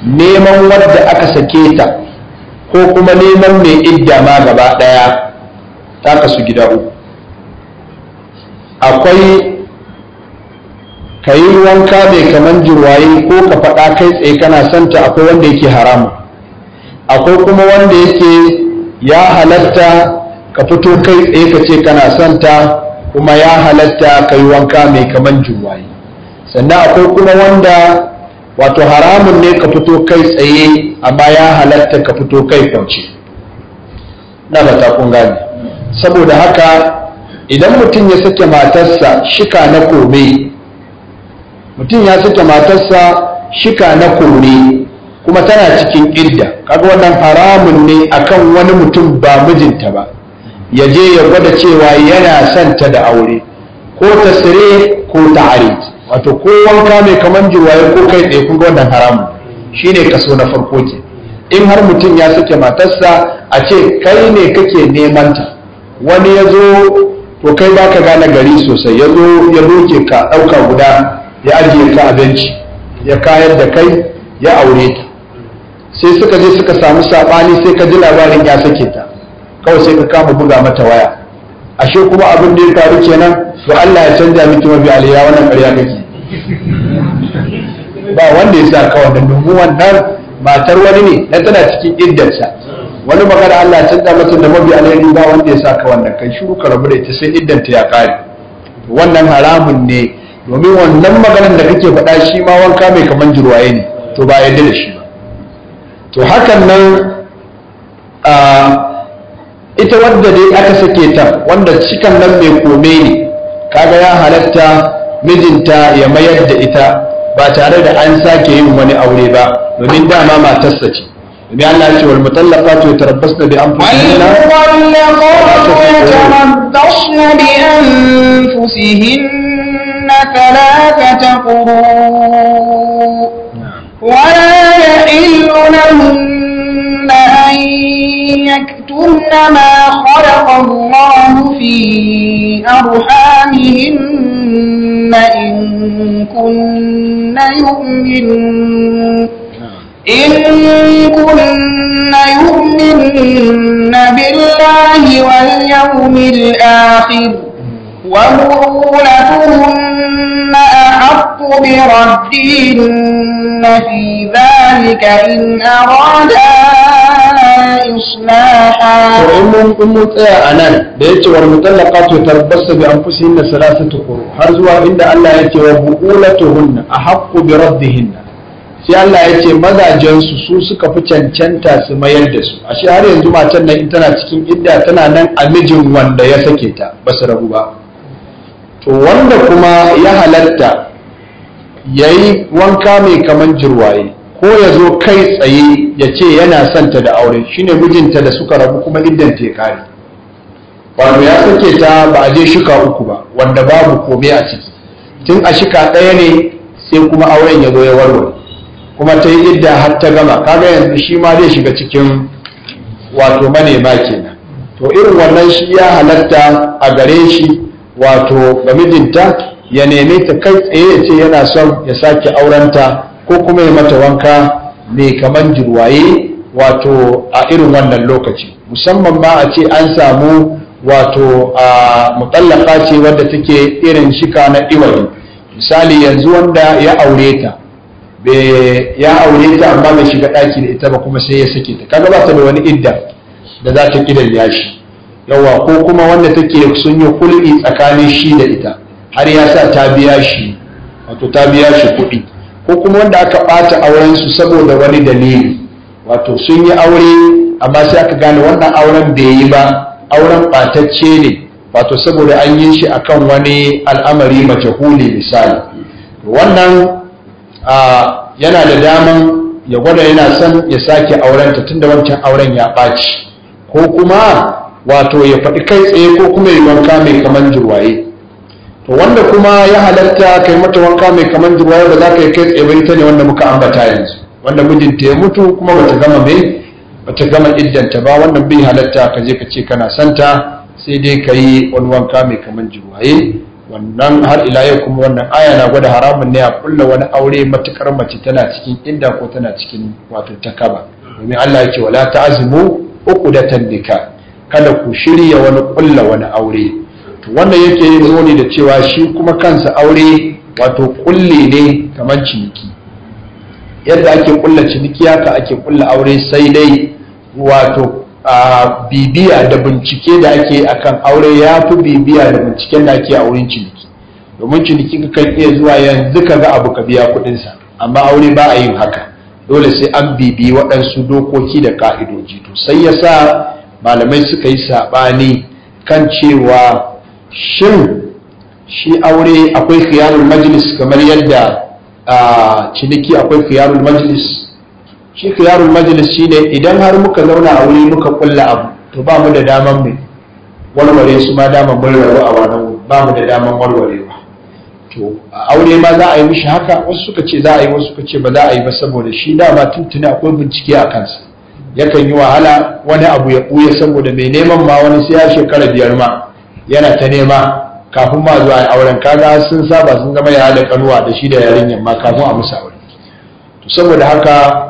neman wadda aka sake ta ko kuma neman mai idda ma gaba ɗaya ta kasu gida uku akwai ka yi wanka mai kamar jirwaye ko ka faɗa kai tsaye kana santa akwai wanda yake haramun akwai kuma wanda yake ya halatta ka fito kai tsaye ka ce kana santa kuma ya halatta ka yi wanka mai kaman juwaye sannan akwai kuma wanda wato haramun ne ka fito kai tsaye amma ya halatta ka fito kai kwance na bata kun gane saboda haka idan mutum ya sake matarsa shika na kome mutum ya sake matarsa shika na kore kuma tana cikin idda kaga wannan haramun ne akan wani mutum ba mijinta ba ya je ya gwada cewa yana son ta da aure ko ta sire ko ta ta'arij wato ko wanka mai kaman jirwaye ko kai tsaye kun ga wannan haramun shine kaso na farko ke in har mutum ya sake matarsa a ce kai ne kake neman ta wani ya zo to kai ba ka gane gari sosai ya zo ya roke ka ɗauka guda ya ajiye ka abinci ya kayar da kai ya aure ta sai suka je suka samu sabani sai ka ji labarin ya sake ta kawai sai ka kama buga mata waya ashe kuma abin da ya faru kenan to Allah ya canja miki mafi aliya wannan ƙarya kake ba wanda ya sa ka wannan domin wannan matar wani ne na tana cikin iddarsa wani magana Allah ya canza mata da mabi aliya ba wanda ya sa ka wannan kai shiru ka rabu da ita sai iddanta ya kare wannan haramun ne domin wannan maganar da kake faɗa shi ma wanka mai kaman jirwaye ne to ba yadda da shi ba to hakan nan ita wadda dai aka sake ta wanda cikan nan mai kome ne kaga ya halatta mijinta ya mayar da ita ba tare da an sake yin wani aure ba domin dama matarsa ce domin Allah ya ce wal mutallaqatu yatarabbasna bi anfusihinna wal mutallaqatu bi anfusihinna thalathata qurun ولا يحل لهن أن يكتمن ما خلق الله في أرحامهن إن كن يؤمن إن كن يؤمن بالله واليوم الآخر وبعولتهن أحق بردهن في ذلك إن أراد إصلاحا وإن أم أنا بيت والمطلقات تربص بأنفسهن ثلاثة قروء هرزوا عند الله يتي وبؤولتهن أحق بردهن sai Allah ya ce mazajensu su suka fi cancanta su mayar da su ashe har yanzu matan nan tana cikin idda tana nan a mijin wanda ya sake ta ba su rabu ba to wanda kuma ya halatta ya yi wanka mai kaman jirwaye ko ya zo kai tsaye ya ce yana santa da aure shine mijinta da suka rabu kuma iddan te kare wato ya sake ta ba a je shika uku ba wanda babu komai a ciki tun a shika ɗaya ne sai kuma auren ya zo ya warware kuma ta yi idda har ta gama kaga yanzu shi ma zai shiga cikin wato manema kenan to irin wannan shi ya halatta a gare shi wato ga mijinta ya neme ta kai tsaye ya ce yana son ya sake aurenta ko kuma ya mata wanka mai kaman jirwaye wato a irin wannan lokaci musamman ma a ce an samu wato a mutallaka ce wadda take irin shika na iwari misali yanzu wanda ya aure ta ya aure ta amma bai shiga ɗaki da ita ba kuma sai ya sake ta kaga ba ta da wani idda da za ta kidan yashi yawa ko kuma wanda take sun yi kul'i tsakanin shi da ita har ya sa ta biya shi wato ta biya shi kuɗi ko kuma wanda aka ɓata aurensu saboda wani dalili wato sun yi aure amma sai aka gane wannan auren da ya yi ba auren ɓatacce ne wato saboda an yi shi akan wani al'amari majahuli misali wannan yana da daman ya gwada yana son ya sake aurenta tunda wancan auren ya ɓaci ko kuma wato ya faɗi kai tsaye ko kuma ya wanka mai kaman jirwaye to wanda kuma ya halatta kai mata wanka mai kaman jirwaya ba za ka yi kai tsaye ba ita ne wanda muka ambata yanzu wanda mijinta ya mutu kuma bata gama mai bata gama iddanta ba wanda bai halatta ka je ka ce kana santa sai dai ka yi wani wanka mai kaman jirwaye wannan har ila yau kuma wannan aya na gwada haramun ne a kulla wani aure matukar mace tana cikin inda ko tana cikin wato takaba domin Allah yake wala ta'zimu uqdatan nikah kada ku shirya wani kulla wani aure wannan yake yin zoni da cewa shi kuma kansa aure wato kulle ne kamar ciniki yadda ake kulla ciniki haka ake kulla aure sai dai wato a bibiya da bincike da ake akan aure ya fi bibiya da bincike da ake a wurin ciniki domin ciniki kan iya zuwa yanzu ka ga abu ka biya kuɗinsa amma aure ba a yin haka dole sai an bibi waɗansu dokoki da ka'idoji to sai ya sa malamai suka yi saɓani kan cewa shin shi aure akwai khiyarul majlis kamar yadda a ciniki akwai khiyarul majlis shi khiyarul majlis shine idan har muka zauna a wuri muka kulla abu to ba mu da daman mu warware su ma daman murnaru a wannan ba mu da daman warware ba. to aure ma za a yi mishi haka wasu suka ce za a yi wasu suka ce ba za a yi ba saboda shi dama tuntuni akwai bincike a kansa yakan yi wahala wani abu ya ɓuya saboda mai neman ma wani sai ya shekara biyar ma yana ta nema kafin ma zuwa auren kaga sun saba sun zama ya da kanuwa da shi da yarinyar ma kafin a musu aure to saboda haka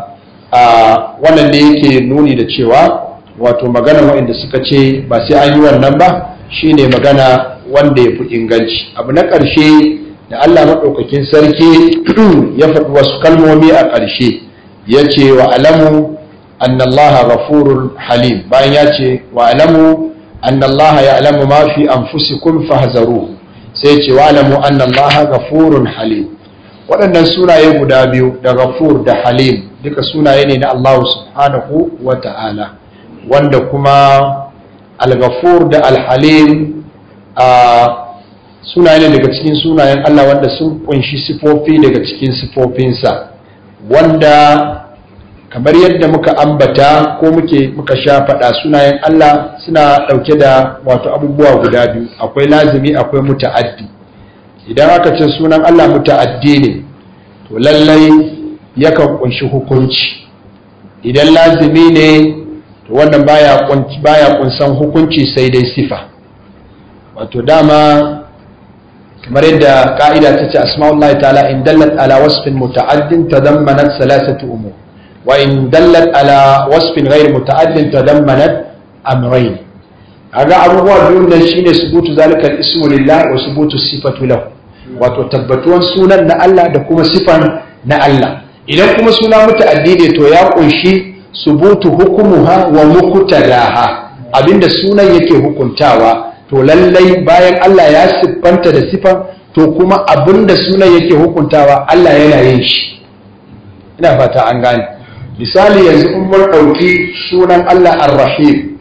a wannan ne yake nuni da cewa wato magana waɗanda suka ce ba sai an yi wannan ba shine magana wanda ya fi inganci abu na ƙarshe da Allah maɗaukakin sarki ya faɗi wasu kalmomi a ƙarshe ya ce wa alamu annallaha ghafurur halim bayan ya ce wa alamu anna Allah ya'lamu ma fi anfusikum fahzaru sai ce wa alamu anna Allah ghafurun halim waɗannan sunaye guda biyu da ghafur da halim duka sunaye ne na Allah subhanahu wa ta'ala wanda kuma al-ghafur da al-halim a sunaye ne daga cikin sunayen Allah wanda sun kunshi sifofi daga cikin sifofinsa wanda kamar yadda muka ambata ko muke muka sha faɗa sunayen Allah suna ɗauke da wato abubuwa guda biyu akwai lazimi akwai muta'addi idan aka ce sunan Allah muta'addi ne to lallai yakan kunshi hukunci idan lazimi ne to wannan baya baya kunsan hukunci sai dai sifa wato dama kamar yadda ka'ida ta ce asma'ullahi ta'ala in dallat ala wasfin muta'addin tadammanat salasatu umur Wa in dallan ala waspin rain mu ta'addinta dammanan amrain. A ra'amu abin da shi ne subutu zan kanti wato tabbatuwan sunan na Allah da kuma sifan na Allah. Idan kuma suna mata addini to ya ƙunshi subutu butu hukumu har wani kuta yaha abinda sunan yake hukuntawa to lallai bayan Allah ya siffanta da sifan, to kuma abinda sunan yake hukuntawa Allah yana yin shi. Ina fata an gane. misali yanzu in mun ɗauki sunan Allah ar-rahim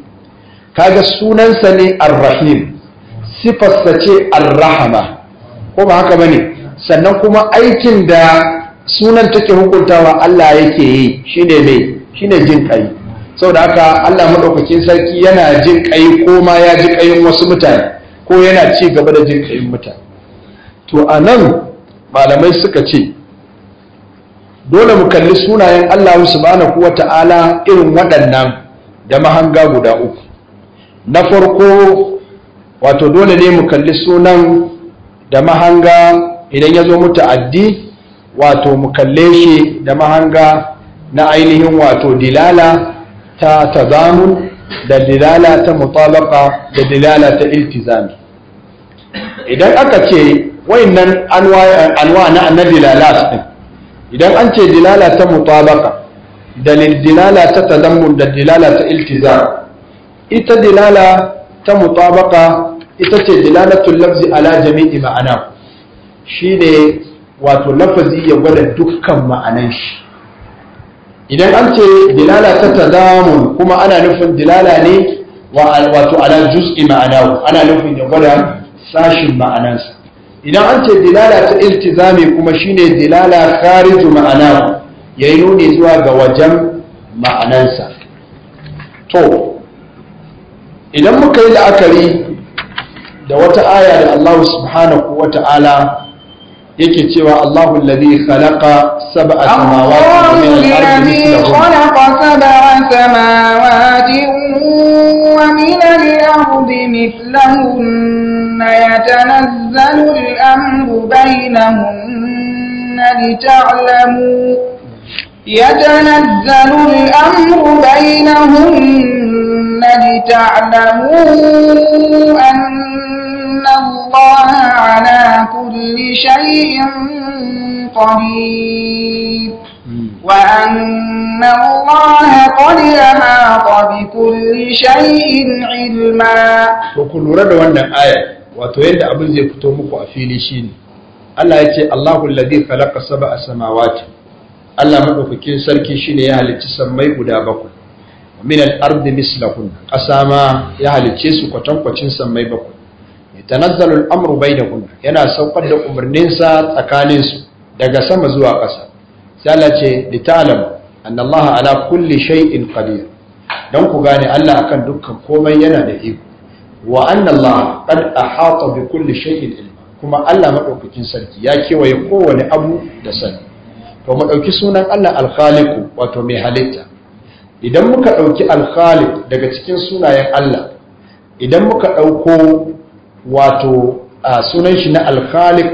kaga sunansa ne ar-rahim sifarsa ce ar-rahama ko ba haka bane sannan kuma aikin da sunan take hukuntawa Allah yake yi shine ne? shine jin kai saboda haka Allah madaukakin sarki yana jin kai ko ma ya ji kayin wasu mutane ko yana ci gaba da jin kayin mutane to anan malamai suka ce dole mu kalli sunayen Allah subhanahu kuwa ta'ala irin waɗannan da mahanga guda uku na farko wato dole ne mu kalli sunan da mahanga idan ya zo muta'addi wato mu kalle shi da mahanga na ainihin wato dilala ta tazamu da dilala ta mutalaka da dilala ta iltizami idan aka ce wayannan anwa na dilala din idan an ce dilala ta mutabaka da dilala ta tadammun da dilala ta iltiza ita dilala ta mutabaka ita ce dilalatul lafzi ala jami'i ma'ana shine wato lafazi ya gwada dukkan ma'anan shi idan an ce dilala ta tadamun kuma ana nufin dilala ne wato ala juz'i ma'anahu ana nufin ya gwada sashin ma'anansa idan an ce dilala ta iltizami kuma shine dilala khariju ma'ana yayi nuni zuwa ga wajen ma'anansa to idan muka yi la'akari da wata aya da Allah subhanahu wa ta'ala yake cewa Allahu alladhi khalaqa sab'a samawati min al-ardi khalaqa sab'a samawati wa min al-ardi mithlahum يتنزل الأمر بينهن لتعلموا يتنزل الأمر بينهن لتعلموا أن الله على كل شيء قدير وأن الله قد أحاط بكل شيء علما وكل رد وانا آية wato yadda abin zai fito muku a fili shi ne. Allah ya ce Allahu ladi khalaqa sab'a a samawati Allah madaukakin sarki shine ya halicci samai guda bakwai min al-ard mislahun ƙasa ma ya halicce su kwatankwacin sammai bakwai yatanazzalu al-amru bainahun yana saukar da umarninsa tsakanin su daga sama zuwa ƙasa sai Allah ce lita'lamu anna Allah ala kulli shay'in qadir dan ku gane Allah akan dukkan komai yana da iko wa annallah qad ahata bi kulli shay'in ilma kuma Allah madaukakin sarki ya kewaye kowane abu da sani to mu dauki sunan Allah al-khaliq wato mai halitta idan muka dauki al-khaliq daga cikin sunayen Allah idan muka dauko wato sunan shi na al-khaliq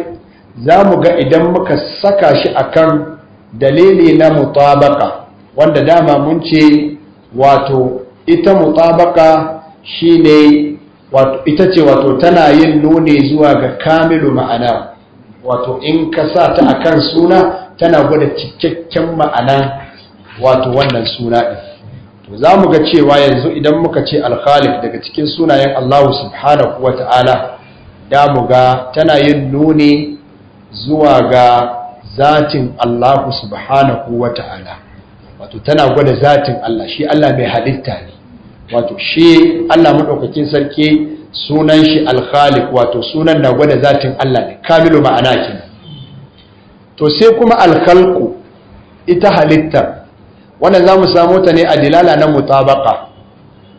mu ga idan muka saka shi akan dalili na mutabaka wanda dama mun ce wato ita mutabaka shine wato ita ce wato tana yin nuni zuwa ga kamilu ma'ana wato in ka sa ta a kan suna tana gwada cikakken ma'ana wato wannan suna ɗin to za mu ga cewa yanzu idan muka ce alkhalik daga cikin sunayen allahu subhanahu wa ta'ala da mu ga tana yin nuni zuwa ga zatin allahu subhanahu wa ta'ala wato tana gwada zatin allah shi allah mai halitta ne wato shi Allah maɗaukakin sarki sunan shi alkhalik wato sunan na gwada zatin Allah ne kamilu ma'ana kin to sai kuma alkhalku ita halitta wannan zamu mu samu ta ne a dilala na mutabaka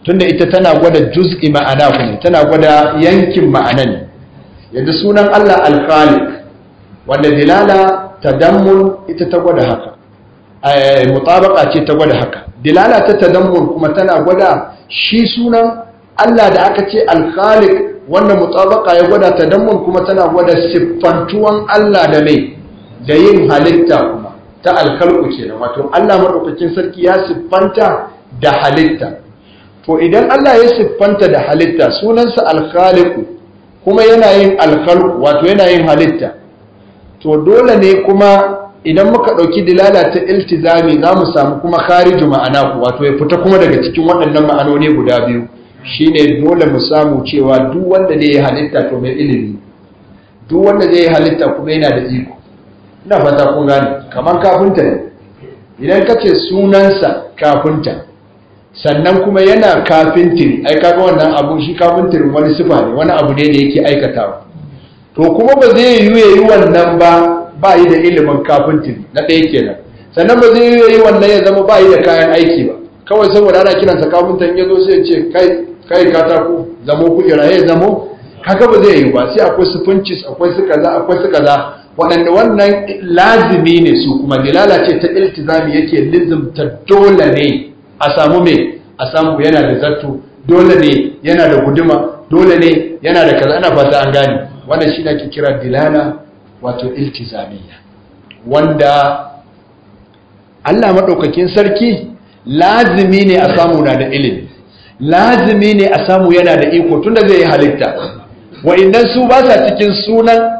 tunda ita tana gwada juz'i ma'ana kuma tana gwada yankin ma'ana ne yadda sunan Allah alkhalik wanda dilala tadammun ita ta gwada haka Eh, eh, mutabaka ce ta gwada haka dilala ta tadammur kuma tana gwada shi sunan Allah da aka ce alkhalik wannan mutabaka ya gwada tadammur kuma tana gwada siffantuwan Allah da mai da yin halitta kuma ta alkalku ce wato Allah madaukakin sarki ya siffanta da halitta to idan Allah ya siffanta da halitta sunansa alkhaliku kuma yana yin alkhalku wato yana yin halitta to dole ne kuma idan muka ɗauki dilala ta iltizami za mu samu kuma khariju ma'ana wato ya fita kuma daga cikin waɗannan ma'anoni guda biyu shine dole mu samu cewa duk wanda zai yi halitta to mai ilimi duk wanda zai yi halitta kuma yana da iko ina fata kun gane kamar kafinta ne idan ka ce sunansa kafinta sannan kuma yana kafintiri ai ga wannan abu shi kafintirin wani sifa ne wani abu ne da yake aikatawa to kuma ba zai yi yi wannan ba ba yi da ilimin kafintin na ɗaya kenan sannan ba zai yi wannan ya zama ba yi da kayan aiki ba kawai saboda ana kiransa kafintan ya zo sai ya ce kai kai katako zamo kujera ya eh, zamo haka ba zai yi ba sai akwai su akwai su kaza akwai su kaza waɗanda wannan lazimi ne su kuma dilala ce ta iltizami yake lizimta dole ne a samu me a samu yana da zattu dole ne yana da guduma dole ne yana da kaza ana fata an gane wannan shi ne ake kira dilala wato iltizamiya wanda Allah maɗaukakin sarki lazimi ne a samu na da ilimi lazimi ne a samu yana da iko tunda zai yi halitta wa'indan su ba sa cikin sunan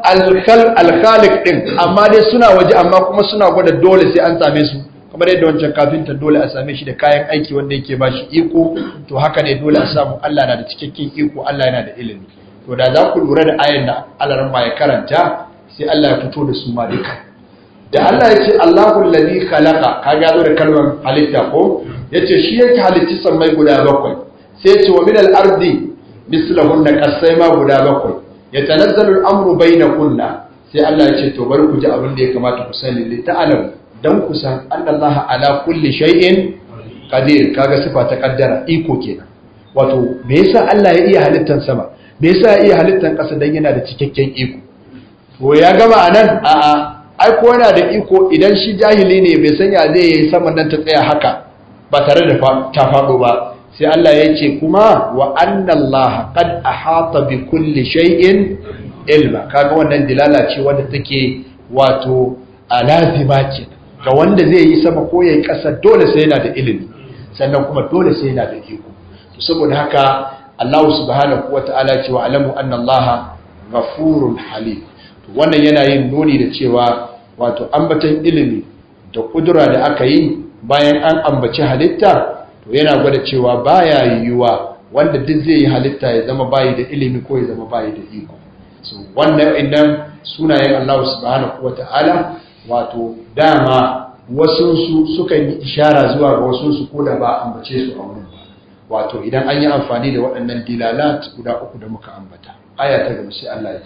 alkhalik ɗin amma dai suna waje amma kuma suna gwada dole sai an same su kamar yadda wancan kafinta dole a same shi da kayan aiki wanda yake ba shi iko to haka ne dole a samu Allah na da cikakken iko Allah yana da ilimi to da za ku lura da ayan da ma ya karanta sai Allah ya fito da su ma duka da Allah ya ce Allahu ladi khalaqa ka ga da kalmar halitta ko yace shi yake halitti sammai guda bakwai sai ya ce wa min al-ardi mislahunna kasai ma guda bakwai yatanazzalu al-amru bainakunna sai Allah ya ce to bari ku ji abin da ya kamata ku sani li ta'lam dan ku san annallaha ala kulli shay'in qadir kaga sifa ta kaddara iko kenan wato me yasa Allah ya iya halittan sama me yasa ya iya halittan ƙasa dan yana da cikakken iko ko ya gama a nan a'a ai ko yana da iko idan shi jahili ne bai sanya zai yi saman nan ta tsaya haka ba tare da ta faɗo ba sai Allah ya ce kuma wa annallaha a ahata bi kulli shay'in ilma kaga wannan dilala ce wanda take wato alazima ce ga wanda zai yi sama ko yayi ƙasa dole sai yana da ilimi sannan kuma dole sai yana da iko to saboda haka Allah subhanahu wataala ce wa alamu annallaha ghafurun halim wannan yana yin nuni da cewa wato ambatan ilimi da kudura da aka yi bayan an ambaci halitta to yana gwada cewa baya yiwuwa wanda duk zai yi halitta ya zama bayi da ilimi ko ya zama bayi da iko so wannan idan sunayen Allah subhanahu wata'ala wato dama wasu su sukan yi ishara zuwa ga wasu su ko da ba ambace su a wurin ba wato idan an yi amfani da waɗannan dilalat guda uku da muka ambata aya ta gamsi Allah ya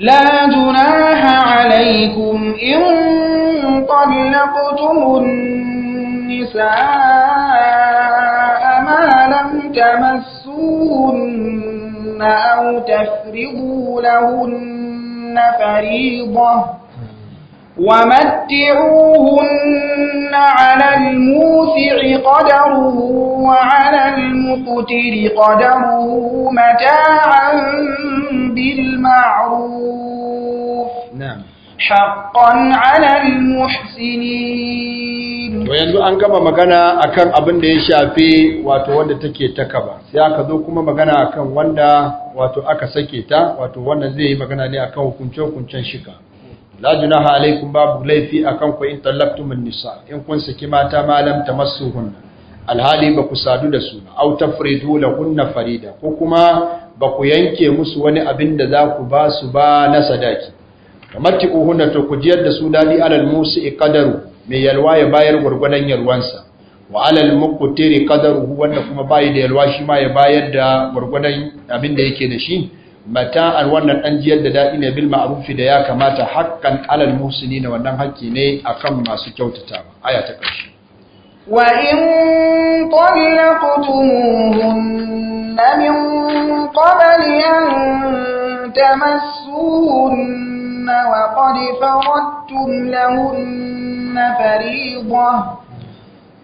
لا جناح عليكم إن طلقتم النساء ما لم تمسوهن أو تفرضوا لهن فريضة ومتعوهن على الموسع قدره وعلى المقتر قدره متاعا بالمعروف نعم حقا على المحسنين to yanzu an gama magana akan abin da ya shafe, wato wanda take ta sai aka zo kuma magana akan wanda wato aka sake ta wato wannan zai yi magana ne akan hukunce hukuncen shika la junaha alaikum babu laifi akan ku in tallaqtumun nisa in kun saki mata ma lam hunna. alhali ba ku sadu da su au tafridu lahunna farida ko kuma ba ku yanke musu wani abin da za ku ba su ba na sadaki kamar tiquhunna to ku jiyar da su dadi alal musi qadaru mai yalwa ya bayar gurgunan yalwansa wa alal muqtiri qadaruhu wanda kuma bai da yalwa shi ma ya bayar da gurgunan abin da yake da shi mata'an wannan ɗan jiyar da daɗi ne bil ma'rufi da ya kamata haƙƙan alal muhsini ne wannan haƙƙi ne akan masu kyautatawa aya ta ƙarshe wa in طلقتموهن min قبل أن تمسوهن وقد فرضتم لهن فريضة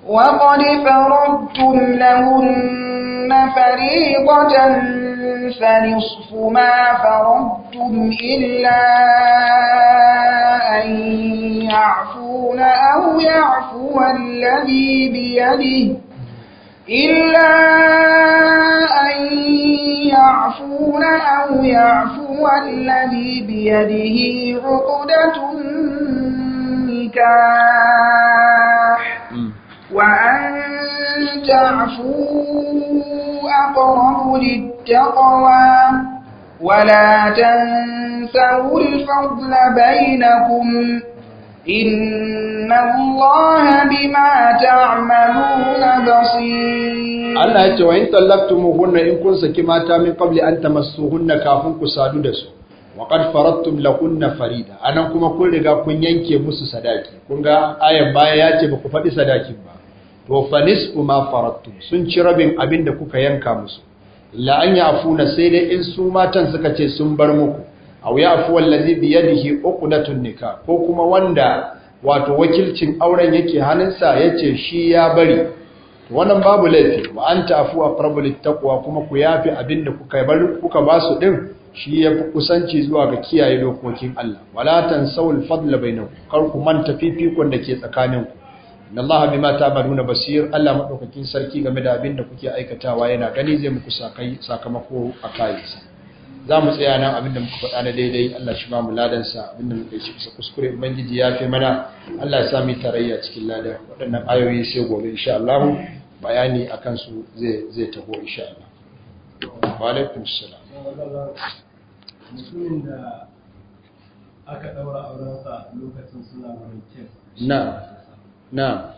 وقد فرضتم لهن فريضة فنصف ما فرضتم إلا أن يعفون أو يعفو الذي بيده إلا أن يعفون أو يعفو الذي بيده عقدة النكاح وأن تعفوا أقرب للتقوى ولا تنسوا الفضل بينكم إن Allah ya ce wa in tallaqtumuhunna in kun saki mata min kabli an tamassuhunna kafin ku sadu da su wa qad faradtum lahunna farida anan kuma kun riga kun yanke musu sadaki kun ga ayan baya ya ce ba ku faɗi sadakin ba wa fanis ma faratu sun ci rabin abin da kuka yanka musu la an na sai dai in su matan suka ce sun bar muku aw yafu wallazi bi yadihi uqdatun nikah ko kuma wanda wato wakilcin auren yake hannunsa yace shi ya bari wannan babu laifi wa an tafu aqrabu littaqwa kuma ku yafi abin da kuka bar kuka ba su din shi yafi kusanci zuwa ga kiyaye dokokin Allah wala tansawul fadla bainakum kar ku manta fifikon da ke tsakaninku inna allaha bima ta'maluna basir Allah madaukakin sarki game da abin da kuke aikatawa yana gani zai muku sakai sakamako a kayansa za mu tsaya nan abin da muka faɗa na daidai Allah shi ba mu ladan sa abin da muka yi shi kuskure ubangiji ya fi mana Allah ya sami tarayya cikin ladan waɗannan ayoyi sai gobe insha Allah bayani akan su zai zai taho insha Allah wa alaikum salam mutumin da aka daura aurensa lokacin suna wurin kin na'am No.